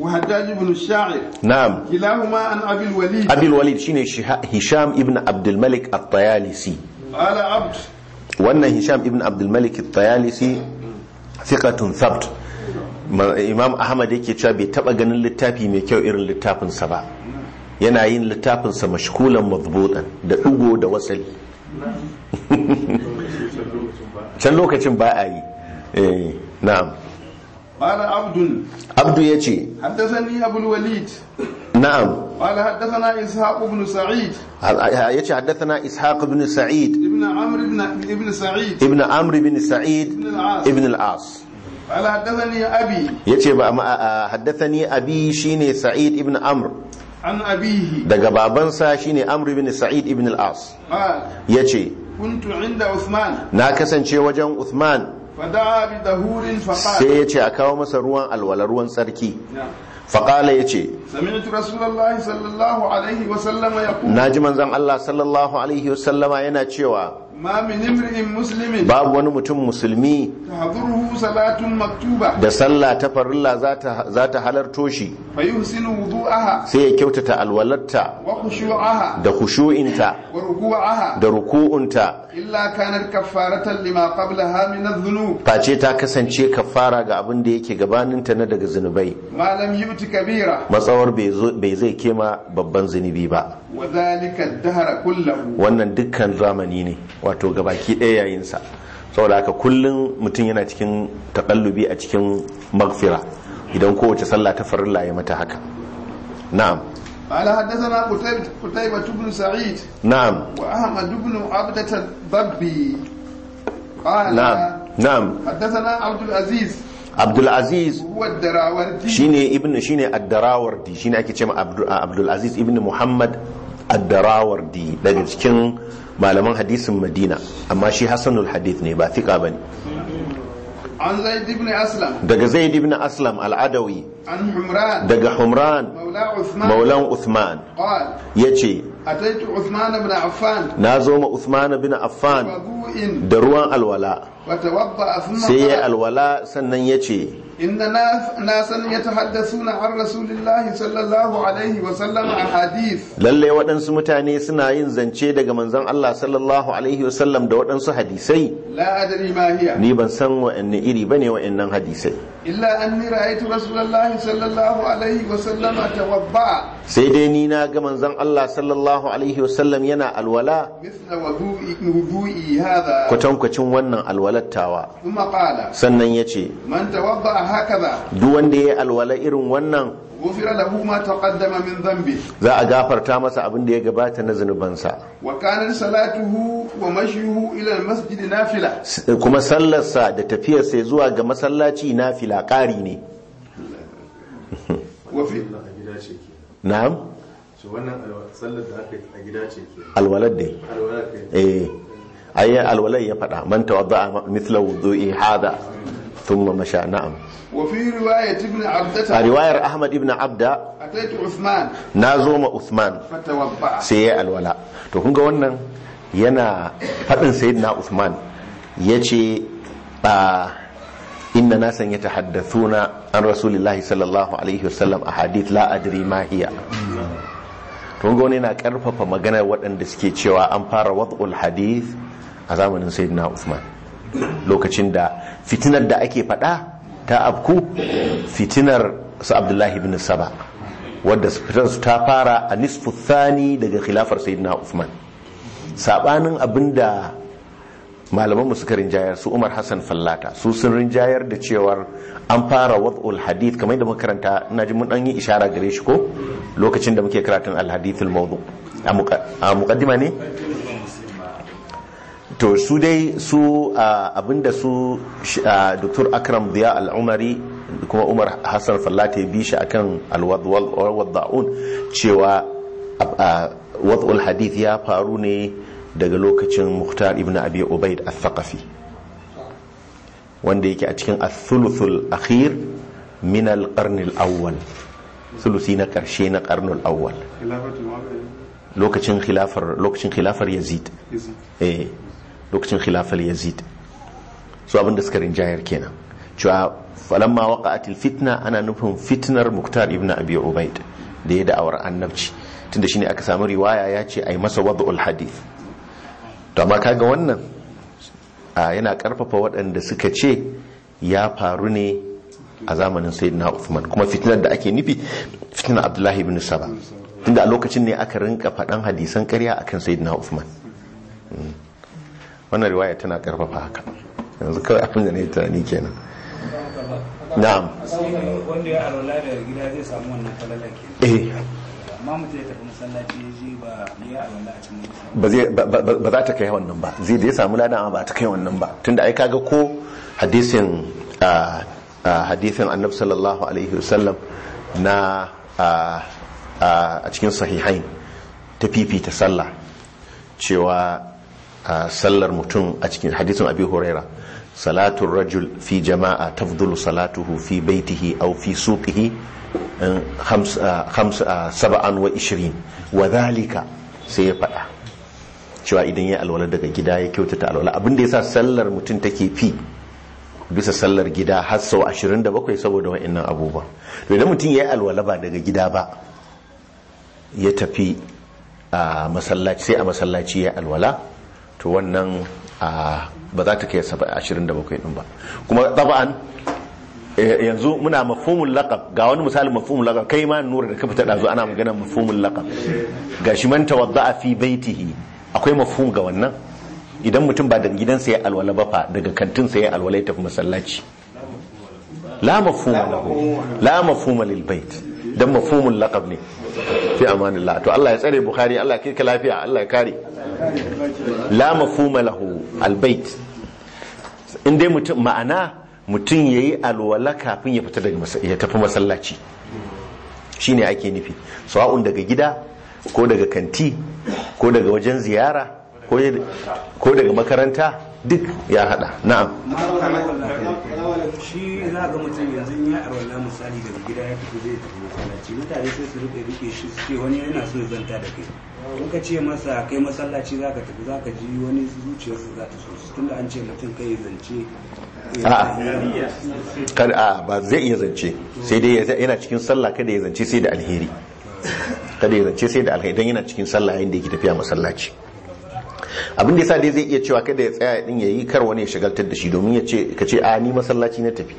وحجاج بن الشاعر نعم كلاهما عن ابي الوليد ابي الوليد شيني هشام ابن عبد الملك الطيالسي قال عبد wannan hisham ibn abdulmalik tayalisi fiqatun thabt imam ahmad yake cewa bai taba ganin littafi mai kyau irin littafinsa ba yana yin littafinsa mashkulan mazbutan da dugo da wasali *laughs* can lokacin ba a yi eh, na'am قال عبد عبد يجي حدثني أبو الوليد نعم قال حدثنا إسحاق بن سعيد يجي حدثنا إسحاق بن سعيد ابن عمرو بن ابن سعيد ابن عمرو بن سعيد ابن العاص ابن العاص قال حدثني أبي يجي حدثني أبي شيني سعيد ابن عمرو عن أبيه daga babansa shine Amr ibn Sa'id ibn al-As yace kuntu inda Uthman na kasance wajen Uthman sai ya ce a kawo masa ruwan alwala ruwan tsarki faƙala ya ce na ji manzan Allah sallallahu alaihi wasallama yana cewa babu wani mutum musulmi da sallah ta farilla za ta halarto shi sai ya kyautata alwalarta da kushu'inta da ruku'unta illa kanar kafaratan lima qablaha min adh-dhunub ce ta kasance kafara ga abin da yake gabanin ta na daga zunubai malam yuti kabira matsawar bai zai kema babban zunubi ba wa zalika ad kullum. wannan dukkan zamani ne wato gabaki ɗaya yayin sa saboda haka kullum mutum yana cikin takallubi a cikin magfira idan kowace sallah ta farilla ya mata haka na'am قال حدثنا قتيبة قتيبة بن سعيد نعم وأحمد بن عبدة الضبي قال نعم نعم حدثنا عبد العزيز عبد العزيز هو الدراوردي شيني ابن شيني الدراوردي شيني ake cewa عبد العزيز ابن محمد الدراوردي daga cikin malaman hadisin Madina amma shi hasanul hadith ne ba thika bane an zaid ibn aslam daga zaid ibn aslam al-adawi an humran daga humran maulan uthman ya ce ataitu uthman ibn affan na zo ma uthman ibn affan da ruwan alwala sai ya alwala sannan ya ce inna na san ya ta haddasu na har rasulullahi sallallahu alaihi wa sallam a hadith lalle waɗansu mutane suna yin zance daga manzon Allah sallallahu alaihi wa sallam da waɗansu hadisai la adri ni ban san wa'anne iri bane wa'annan hadisai illa anni ra'aytu rasulullahi sallallahu alaihi wa sallam tawabba sai dai ni na ga manzon Allah sallallahu alaihi wasallam yana alwala kwatankwacin wannan alwalattawa sannan ya ce duk wanda ya yi alwala irin wannan za a gafarta masa abin da ya gabata na zunubansa kuma sallarsa da tafiyarsa zuwa ga masallaci nafila ƙari ne na'am shi wannan sallar da aka a gida ce ke alwalad eh ayya ya faɗa man mithla wudu'i hada masha na'am abda a riwayar ahmad ibn abda ataitu usman nazo ma usman fatawadda sai ya alwala to kun ga wannan yana faɗin sayyidina usman yace ba inna nasan yatahaddathuna an rasulillahi sallallahu alaihi wasallam ahadith la adri ma hiya to na karfafa maganar waɗanda suke cewa an fara wad'ul hadith a zamanin sayyidina Usman lokacin da fitinar da ake faɗa ta afku fitinar su Abdullahi ibn Saba wadda fitar su ta fara a nisfu thani daga khilafar sayyidina Usman sabanin abinda malaman suka rinjayar su umar hassan fallata su sun rinjayar da cewar an fara wad'ul hadith kamar da muka karanta ina ji mun dan yi ishara gare shi ko lokacin da muke karatun al hadith al mawdu a muqaddima ne to su dai su abinda su dr akram diya al umari kuma umar hassan fallata ya bi shi akan al wad'un cewa wad'ul hadith ya faru ne daga lokacin muhtar ibn abi ubaid al-thaqafi wanda yake a cikin al-thuluthul akhir min al-qarn al-awwal thuluthi na karshe na qarn al-awwal lokacin khilafar lokacin khilafar yazid eh lokacin khilafar yazid su abinda suka rinjayar kenan cewa falamma waqa'atil fitna ana nufin fitnar muktar ibn abi ubaid da ya da'awar annabci tunda shine aka samu riwaya ya ce ai masa wad'ul hadith to amma kaga wannan yana karfafa waɗanda suka ce ya faru ne a zamanin sayyidina Uthman kuma fitinar da ake nufi fitinar Abdullahi ibn Saba tunda a lokacin ne aka rinka faɗan hadisan ƙarya akan sayyidina Uthman hmm. wannan riwaya tana karfafa haka yanzu kawai abin da ne ni kenan na'am wanda ya ba za ta kai wannan ba zai da ya samu lada ba ta kai wannan ba tunda ai ga ko hadisin hadisin annabi sallallahu alaihi wasallam na a cikin sahihain ta fifita sallah cewa sallar mutum a cikin hadisin abi huraira salatun rajul fi jama'a tafdulu salatuhu fi baitihi au fi suqihi saba'an wa ishirin zalika sai ya faɗa cewa idan ya alwala daga gida ya kyautata alwala abinda ya sa sallar mutum take fi bisa sallar gida har sau 27 saboda wa'annan abubuwa to idan mutum ya yi alwala ba daga gida ba ya tafi a masallaci sai a masallaci ya alwala to wannan ba za ta kai 27 din ba kuma taba'an Eh, yanzu muna mafhumul laqab ga wani misalin mafhumul laqab kai ma nura da kafa fita zo ana magana mafhumul laqab gashi man tawadda'a fi baitihi akwai mafhum ga wannan idan mutum ba daga gidansa ya alwala ba fa daga kantin sa ya alwala ya tafi masallaci la mafhuma la mafhuma lil bait dan mafhumul laqab ne fi amanillah to Allah ya tsare bukhari Allah ya kike lafiya Allah ya kare la mafhuma lahu al bait in dai mutum ma'ana mutum ya yi alwala kafin ya fita ya tafi masallaci shi ne ake nufi sawa'un daga gida ko daga kanti ko daga wajen ziyara ko daga makaranta duk ya hada na'am shi za ga mutum yanzu ya arwala misali daga gida ya fito zai tafi masallaci mutane sai su rike rike shi su ce wani yana so zanta da kai in ka ce masa kai masallaci za ka tafi za ka ji wani zuciyarsa za ta so tunda an ce mutum kai zance a'a ba zai iya zance sai dai yana cikin sallah kada ya zance sai da alheri kada ya zance sai da alheri don yana cikin sallah yayin da yake tafiya masallaci abin da yasa dai zai iya cewa kada ya tsaya din yayi kar wani ya shagaltar da shi domin ya ce ka ce a ni masallaci na tafi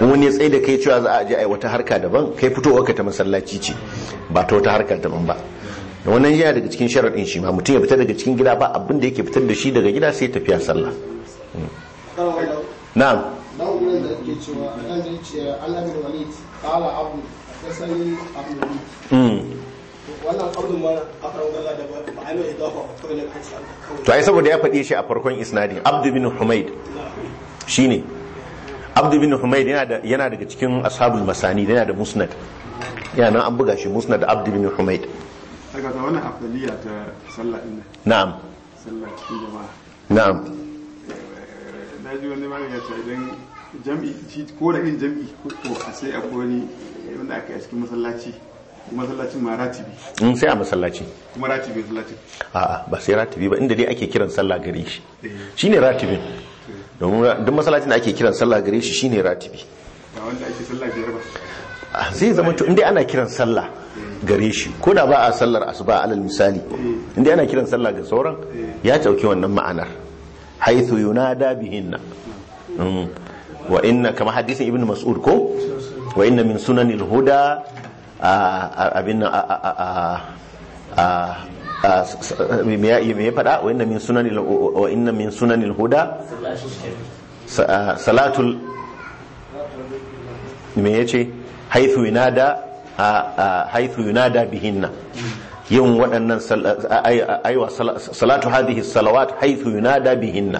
in wani ya tsaye da kai cewa za a je yi wata harka daban kai fito ka ta masallaci ce ba ta wata harka daban ba da wannan yana daga cikin sharaɗin shi ma mutum ya fita daga cikin gida ba abin da yake fitar da shi daga gida sai tafiya sallah hmm. na'am hmm. abu ba ko ne to ai saboda ya faɗi shi a farkon isnadin abdu bin humaid shine abdu bin humaid yana daga cikin ashabul masani yana da musnad yana nan an buga shi musnad abdu humaid daga ta afdaliya ta sallah na'am sallah cikin jama'a na'am na ji wani mara ya idan jam'i shi ko da irin jam'i ko a sai akwai wani eh, wanda aka yi cikin masallaci masallacin ma ratibi in mm, sai a masallaci kuma ratibi masallaci a'a ba sai ratibi ba inda dai ake kiran sallah gare shi eh. shine ratibi eh. domin duk masallacin da ake kiran sallah gare shi shine ratibi ba wanda ake sallah biyar ba sai ah, zama to inda ana kiran sallah gare shi ko da ba a sallar asuba alal misali inda ana kiran sallah ga sauran ya tauki wannan ma'anar haithu yunada bihinna wa inna kama hadisin ibn mas'ud ko wa inna min sunanil huda abin me ya faɗa wa inna min sunanil huda salatul me ya ce haithu yunada bihinna yin waɗannan salatu hadihi salawat haythu yunada bihinna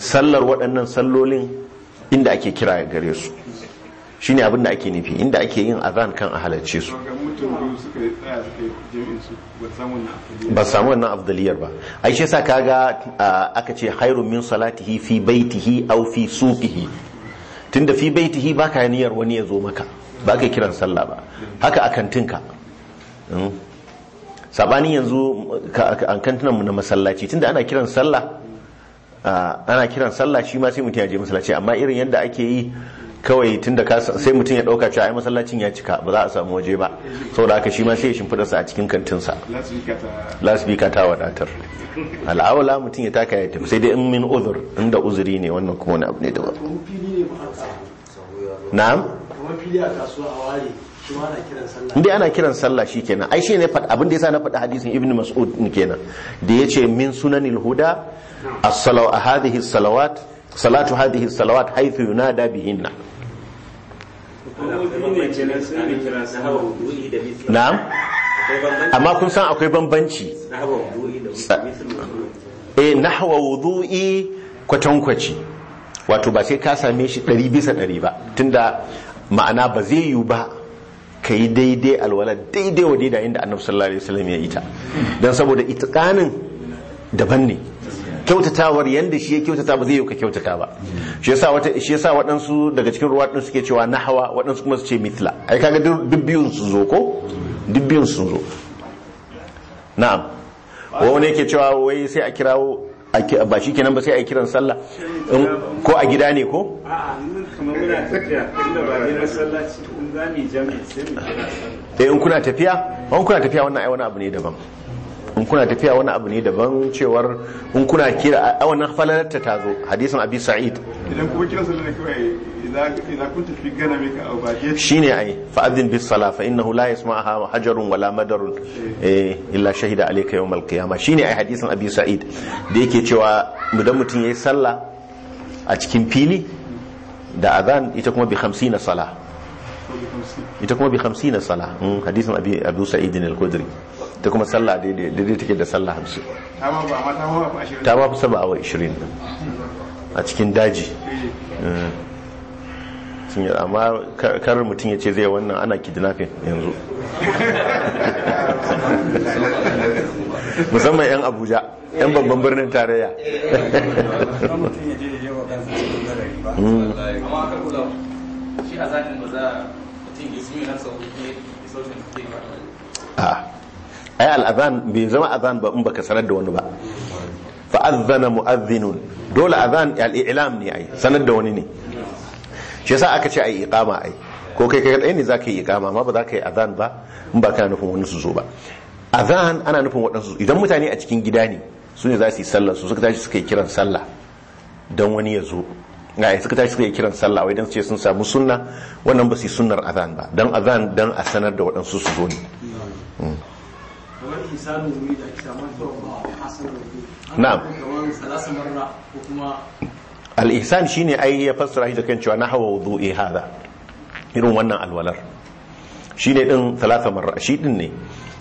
sallar waɗannan sallolin inda ake kira gare su shine abin da ake nufi inda ake yin azan kan a halarce su ba samu wannan afdaliyar ba ai shi sa kaga aka ce hairun min salatihi fi baitihi au fi suqihi tunda fi baitihi baka niyyar wani ya zo maka Ba baka kiran salla ba haka a kantinka hmm? sabanin yanzu an mu na masallaci tunda ana kiran sallah ana kiran sallah shi ma sai mutum ya je masallaci amma irin yadda ake yi kawai tunda sai mutum ya dauka cewa ai masallacin ya cika ba za a samu waje ba saboda haka shi ma sai ya shimfida sa a cikin kantinsa lasbika ta wadatar al'awala mutum ya taka ya tafi sai dai in min uzur inda uzuri ne wannan kuma wani abu ne da ba na'am inda ana kiran sallah shi kenan ai shi ne abin da yasa na faɗi hadisin ibn mas'ud kenan da ya ce min sunanil huda as salatu hadhihi salawat salatu hadhihi salawat haythu yunada bihinna na'am amma kun san akwai bambanci eh nahwa wudu'i kwatankwaci wato ba sai ka same shi ɗari bisa ɗari ba tunda ma'ana ba zai yiwu ba ka yi daidai alwala daidai wa daidai inda annabi sallallahu alaihi wasallam ya yi ta dan saboda itqanin daban ne kyautatawar yanda shi ya kyautata ba zai yi ka kyautata ba shi yasa wata shi yasa waɗansu daga cikin ruwa din suke cewa hawa waɗansu kuma su ce mitla ai kaga duk biyun su zo ko duk biyun su zo na'am wani yake cewa wai sai a kirawo ba shi kenan ba sai a yi kiran sallah ko a gida ne ko? a'a kamar muna tafiya inda ba ne eh in kuna tafiya in kuna tafiya wannan ai wani abu ne daban in kuna tafiya wani abu ne daban cewar in kuna kira a wannan falalarta ta zo hadisin abi sa'id idan kuma kira sallar kawai idan kun tafi gana mai ka abaje shine ai fa bis sala fa innahu la yasma'uha hajarun wala madarun eh, eh illa shahida alayka yawm al qiyamah shine ai hadisin abi sa'id da yake cewa idan mutum yayi sallah a cikin fili da azan ita kuma bi 50 sala ita kuma bi hamsin na sala hadisin abi abu sa'idin al kudri ta kuma sallah daidai take da sallah hamsin ta ba fi saba awa ashirin a cikin daji amma kar mutum ya ce zai wannan ana kidnapping yanzu musamman 'yan abuja 'yan babban birnin tarayya shi a zakin ba za ah. ai al'azan bai zama azan ba in baka sanar da wani ba fa azzana mu'azzinun dole azan al'ilam ne ai sanar da wani ne shi yasa aka ce ai iqama ai ko kai kai kadai ne zaka yi iqama amma ba za ka yi azan ba in ba kana nufin wani su zo ba azan ana nufin waɗansu idan mutane a cikin gida ne su ne za su yi sallar su suka tashi suka yi kiran sallah don wani ya zo ga suka tashi suka yi kiran sallah wai dan su ce sun samu sunna wannan ba su yi sunnar azan ba dan azan dan a sanar da waɗansu su zo ne hmm. na'am al-ihsan shine ai ya fassara shi da kan cewa na hawa wudu'i hada irin wannan alwalar shine din talata marra shi din ne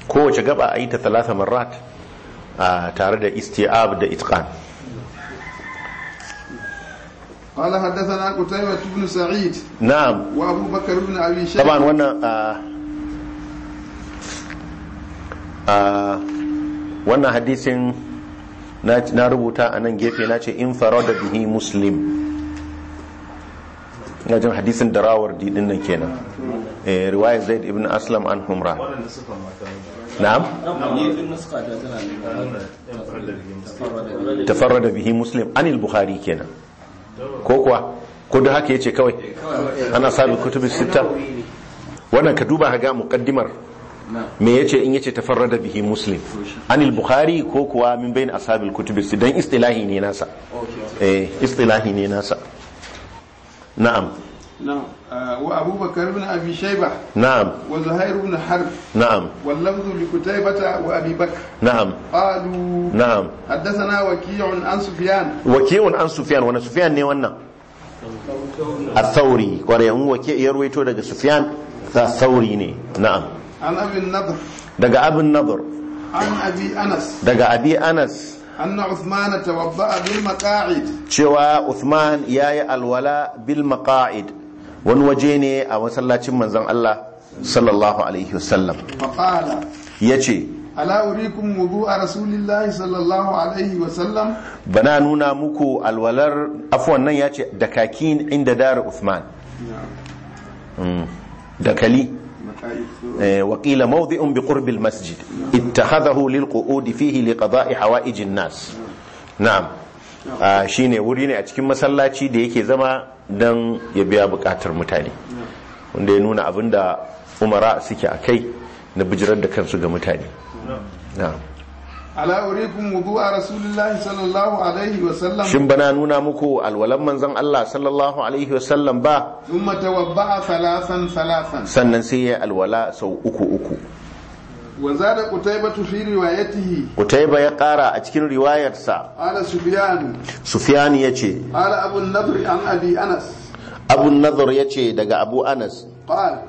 kowace gaba a yi ta talata marrat tare da isti'ab da itqan قال حدثنا قتيبة بن سعيد نعم وأبو بكر بن أبي شيبة طبعا وانا آه آه na rubuta a nan gefe na ce in da bihi muslim na jin hadisin da rawar didin nan kenan riwayar zaid ibn aslam an humra na'am da bihi muslim anil bukhari kenan ko kuwa ko da haka yace kawai ana sabi kutubi sita wannan ka duba haga muqaddimar me yace in yace tafarrada bihi muslim anil bukhari ko kuwa min bain asabil kutubi dan istilahi ne nasa eh istilahi ne nasa na'am نعم وأبو بكر بن أبي شيبة نعم وزهير بن حرب نعم واللفظ لكتيبة وأبي بكر نعم قالوا نعم حدثنا وكيع عن سفيان وكيع عن سفيان وانا سفيان ني وانا الثوري قرأ وكيع يروي تو daga سفيان الثوري ني نعم عن أبي النضر daga أبي النضر عن أبي أنس daga أبي أنس anna Uthman tawadda'a bil maqa'id cewa Uthman yayi alwala bil maqa'id wani waje ne a masallacin manzon Allah sallallahu alaihi wasallam ya ce wudu a rasulillahi sallallahu alaihi wasallam bana nuna muku alwalar afwan nan ya ce da kakin inda dar Uthman mm. da kali eh, wakila mawdi'un bi qurbil masjid ittakhadahu lil qu'udi fihi li qada'i hawaijin nas na'am ah, shine wuri ne a cikin masallaci da yake zama don ya biya bukatar mutane wanda ya nuna abin da umara suke a kai na bijirar da kansu ga mutane ala urikum a rasulullahi sallallahu alaihi wa shin bana nuna muku alwalan manzon Allah sallallahu alaihi wa sallam ba wabba a salasan salasan sannan sai ya alwala sau uku uku وزاد قتيبة في روايته قتيبة يقرا أتكين روايتسا قال سفيان سفيان an قال أبو النضر عن أبي أنس أبو النضر يجي دقى أبو أنس قال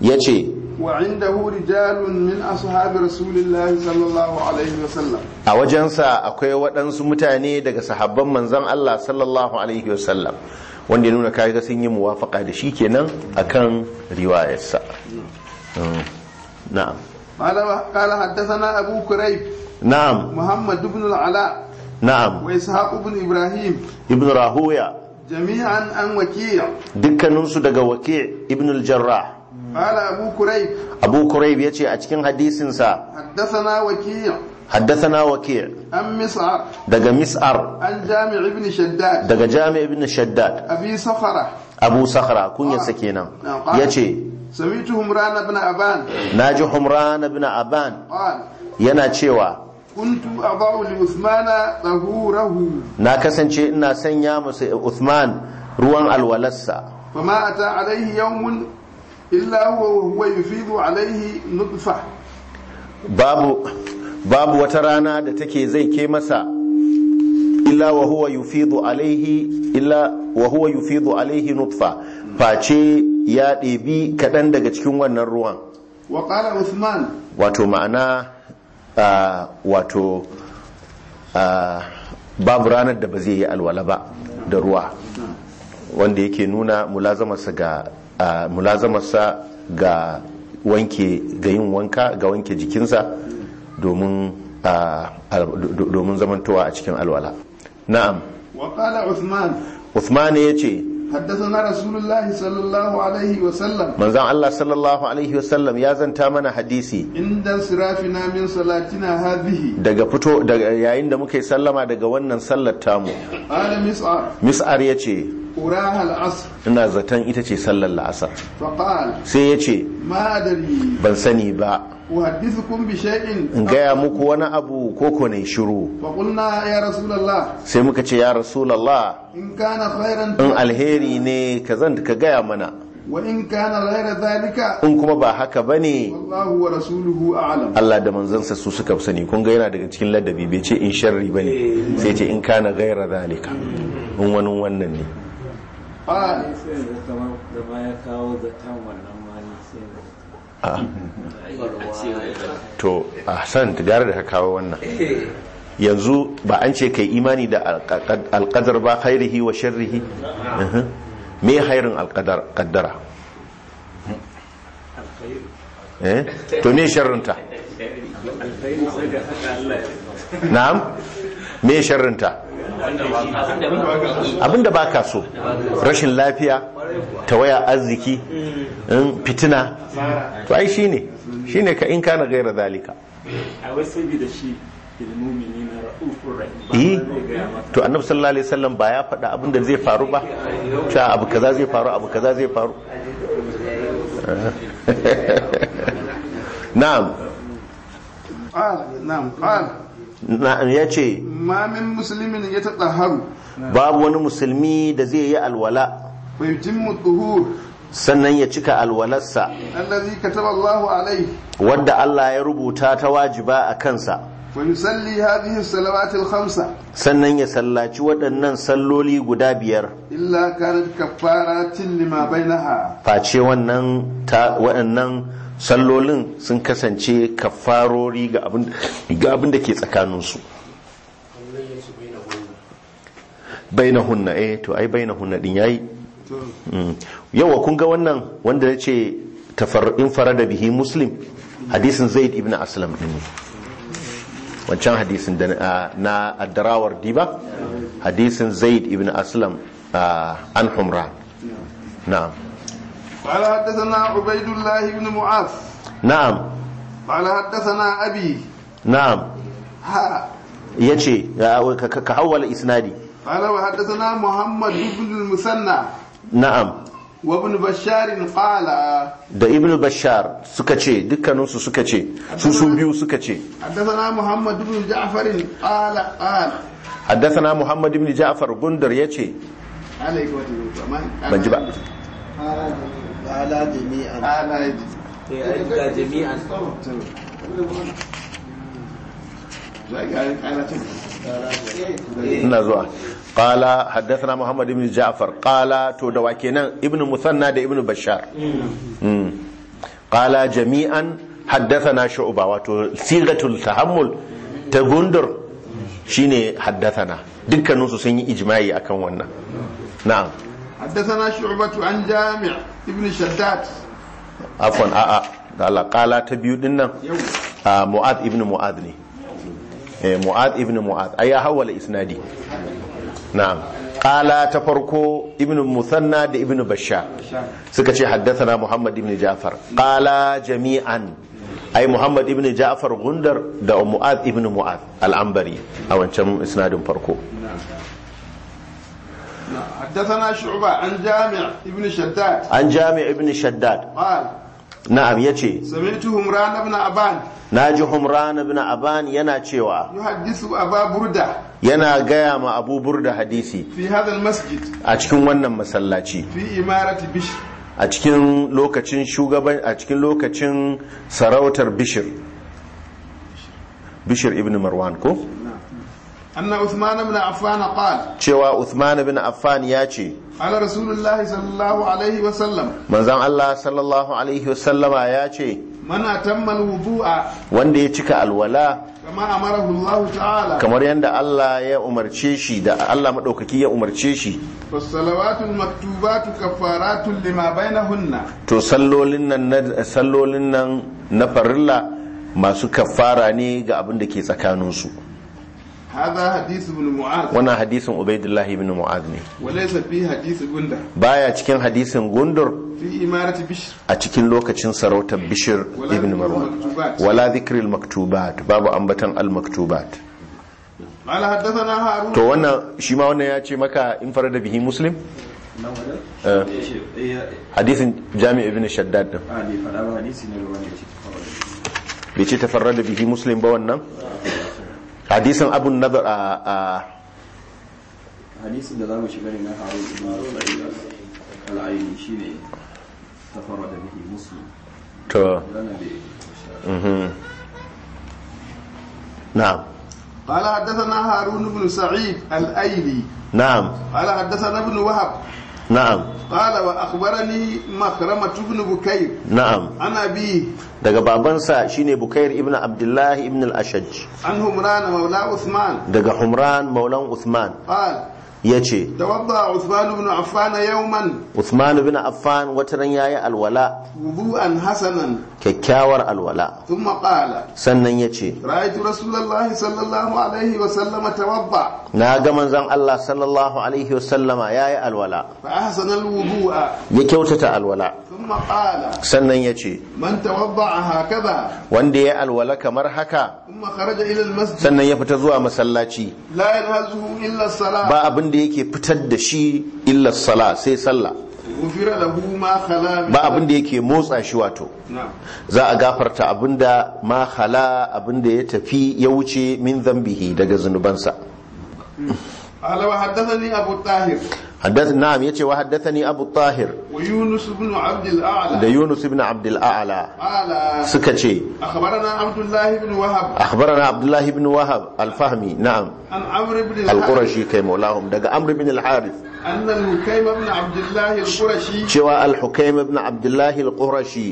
يجي وعنده رجال من أصحاب رسول الله صلى الله عليه وسلم wajensa, akwai ودنس mutane دقى صحابا منزم الله صلى الله عليه وسلم wanda ya nuna ka sun yi muwafaka da shi kenan akan riwayarsa na'am قال حدثنا أبو كريب نعم محمد بن العلاء نعم وإسحاق بن إبراهيم ابن راهويا جميعا عن وكيع دكا ننسو دقا وكيع ابن الجراح قال أبو كريب أبو كريب يتي أتكين حديث سا حدثنا وكيع حدثنا وكيع عن مسعر دقا مسعر عن جامع ابن شداد دقا جامع ابن شداد أبي صخرة أبو صخرة كن يسكينا يتي سمعت همران بن أبان ناجي همران بن أبان قال ينا تشيوا كنت أضع لعثمان ظهوره ناكسن شيء إنا سنيا عثمان روان الولسة فما أتى عليه يوم إلا هو وهو يفيض عليه نطفة babu babu wata rana da take zai ke masa illa wa huwa yufidu alaihi illa wa huwa yufidu alaihi nutfa face ya ɗebi kaɗan daga cikin wannan ruwan waƙala usman wato ma'ana wato babu ranar da ba zai yi alwala ba da ruwa wanda yake nuna mulazamarsa ga wanke ga yin wanka ga wanke jikinsa domin zamantowa a cikin alwala na'am waƙala usman usman ya ce حدثنا رسول الله صلى الله عليه وسلم من زعم الله صلى الله عليه وسلم يا mana hadisi inda sirafi min salatina hadhihi daga fito yayin da muke sallama daga wannan sallar tamu qala mis'ar mis'ar yace ina zaton ita ce sallar la'asar sai ya ce ban sani ba in gaya muku wani abu koko ne shiru sai muka ce ya rasulallah in alheri ne ka zan ka gaya mana in kuma ba haka ba ne Allah da manzansa su suka sani kun ga yana daga cikin ladabi bai ce in sharri ba ne sai ce in kana gaira zalika in wani wannan ne Ah. to Hassan tijarar da ka kawo wannan eh. yanzu ba an ce kai imani da alkadar ba khairihi wa sharrihi uh-huh. me hairin alkadar kaddara eh? to me sharrinta na'am me sharrinta abinda ba ka so rashin lafiya tawaya arziki fitina to ai shi ne shi ne ka in kana gaira zalika da eh, to annabi sallallahu alaihi wasallam ba ya faɗa abin da zai faru ba cewa abu kaza zai faru abu kaza zai faru *laughs* na'am na'am ya ce mamin musulmin ya haru babu wani musulmi da zai yi alwala sannan ya cika alwalarsa wadda Allah ya rubuta ta wajiba a kansa sannan ya sallaci waɗannan salloli guda biyar face wannan sallolin sun kasance kafarori ga abin da ke tsakaninsu baina hunna eh to ai baina hunna din yayi mm. yawa kun ga wannan wanda ya ce in farada bihi muslim hadisin zaid ibn aslam din wancan hadisin ah, na addarawar diba hadisin zaid ibn aslam ah, an humra na'am قال حدثنا عبيد الله بن معاذ نعم قال حدثنا أبي نعم ها يجي كحول إسنادي قال وحدثنا محمد بن المثنى نعم وابن بشار قال ده ابن بشار سكتشي دكانوس سكتشي سوسوبيو سكتشي حدثنا محمد بن جعفر قال قال حدثنا محمد بن جعفر بندر يجي عليك وجهه ban ji ba Eh, ina zuwa qala haddathana muhammad ibn ja'far qala to da wake nan ibn musanna da ibn bashar hmm. qala jami'an haddathana shu'ba wato sigatul tahammul ta gundur shine na dukkaninsu sun yi ijma'i akan wannan na'am حدثنا شعبة عن جامع ابن شداد عفوا آآ قال قال تبيو دنا معاذ ابن معاذ ني معاذ ابن معاذ أي حول إسنادي نعم قال تفرقو ابن المثنى ده ابن بشار سكتي حدثنا محمد ابن جعفر قال جميعا أي محمد ابن جعفر غندر ده معاذ ابن معاذ العنبري أو أنتم إسناد فرقو نعم حدثنا شعبة عن جامع ابن شداد عن جامع ابن شداد قال na'am yace sami'tu humran ibn aban naji humran ibn aban yana cewa yuhaddisu aba burda yana gaya ma abu burda hadisi fi hadha masjid a cikin wannan masallaci fi imarati bishr a cikin lokacin shugaban a cikin lokacin sarautar bishir bishir ibn marwan ko anna Usman ibn Affan qala cewa Usman ibn Affan ya ce ala rasulullahi sallallahu alaihi wa sallam Manzan Allah sallallahu alaihi wa sallama ya ce mana tammal wudu'a wanda ya cika alwala kama amarahu Allah ta'ala kamar yanda Allah ya umarce shi da Allah madaukaki ya umarce shi salawatul maktubatu kaffaratun lima bainahunna to sallolin nan sallolin nan na farilla masu kaffara ne ga abin da ke tsakaninsu hadha hadith ibn mu'adh wannan hadisin ubaidillah ibn mu'adh ne walaysa fi hadith gundar baya cikin hadisin gundur fi imarati bishr a cikin lokacin sarautar bishr ibn marwan wala dhikril maktubat babu ambatan al maktubat ala haddathana harun to wannan shi ma wannan ya ce maka in farada bihi muslim hadisin jami ibn shaddad din bai ce tafarrada bihi muslim ba wannan hadisin abun nazar a hadisin da za mu shiga ne na harun ibn sa'id al-aini shine tafarrada bihi muslim to mhm na'am قال حدثنا هارون بن سعيد الايلي نعم قال حدثنا ابن وهب na'am qala wa bukair na'am ana bi daga babansa shine bukair ibn abdullah ibn al-ashaj an humran maula usman daga humran maulan usman qala ya ce tawadda Uthman ibn Affan yawman Uthman ibn Affan wata ran yayi alwala wudu'an hasanan kyakkyawar alwala thumma qala sannan ya ce ra'aytu rasulullahi sallallahu alaihi wa sallama tawadda na ga manzon Allah sallallahu alaihi wa sallama yayi alwala fa ahsana alwudu'a ya kyautata alwala thumma qala sannan ya ce man tawadda hakaza wanda ya alwala kamar haka thumma kharaja ila almasjid sannan ya fita zuwa masallaci la yanhazuhu illa as-salat ba abin da yake fitar da shi illar sala sai sallah ba abin da yake motsa shi wato za a gafarta abin da ma hala abin da ya tafi ya wuce min zambihi daga zunubansa hmm. قال وحدثني أبو الطاهر حدث نعم يتي وحدثني أبو الطاهر ويونس بن عبد الأعلى ده يونس بن عبد الأعلى قال سكتي أخبرنا عبد الله بن وهب أخبرنا عبد الله بن وهب الفهمي نعم عن عمرو بن القرشي كي مولاهم ده عمرو بن الحارث An nanu al-Qurashi. Cewa Abdullahi Al-Qurashi.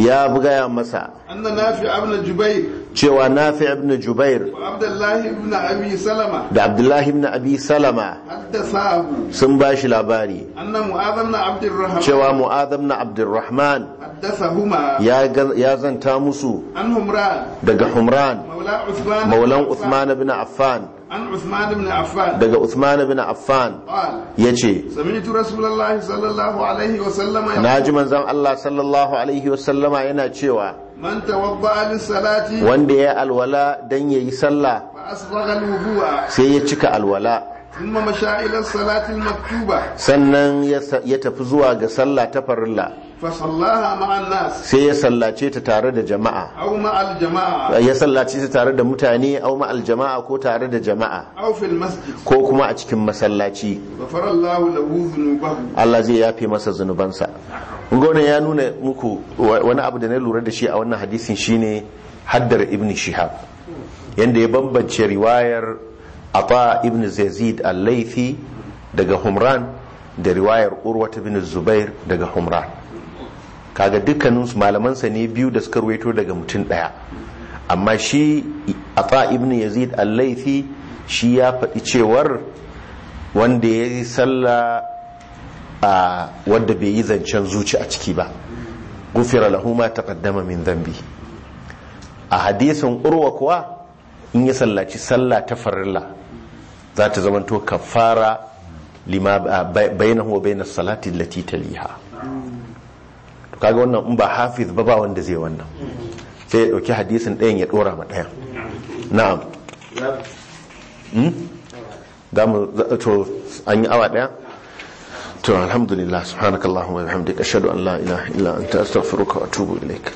Ya buga ya masa. An nan na fi Cewa na fi abu na Da Abdullahi bani abu Salama. Sun ba shi labari. An Cewa mu Adamna Abdi Ya zanta musu. An humran. Daga humran. Mawlan Usman na bin Afan. Afan. daga Usman bin Affan ya ce. Na ji alaihi Allah sallallahu alaihi wa sallama yana cewa salati wanda ya alwala dan yayi sallah fa sai ya cika alwala maktuba sannan ya tafi zuwa ga sallah ta farilla sai ya sallace ta tare da jama'a ya sallace ta tare da mutane au ma'al jama'a ko tare da jama'a ko kuma a cikin masallaci Allah zai yafe masa zunubansa gona ya nuna muku wani abu da na lura da shi a wannan hadisin shine haddar ibn shihab yanda ya bambance riwayar ata ibn zazid al-laifi daga humran da riwayar urwata bin zubair daga humran kaga dukkaninsu malamansa ne biyu da suka ruwaito daga mutum ɗaya amma shi afa ibnu yazid al-laifi shi ya faɗi cewar wanda ya yi sallah a wanda bai yi zancen zuci a ciki ba gufira lahu ma taqaddama min dhanbi a hadisin urwa kuwa in ya sallaci sallah ta farilla za ta zamanto kafara lima bainahu wa bainas salati allati taliha kaga wannan in ba hafiz ba ba wanda zai wannan sai ya dauki hadisin ɗayan ya dora ma ɗaya na'am hmm? to an yi awa ɗaya to alhamdulillah subhanakallahumma wa bihamdika ashhadu an la ilaha illa anta astaghfiruka wa atubu ilayk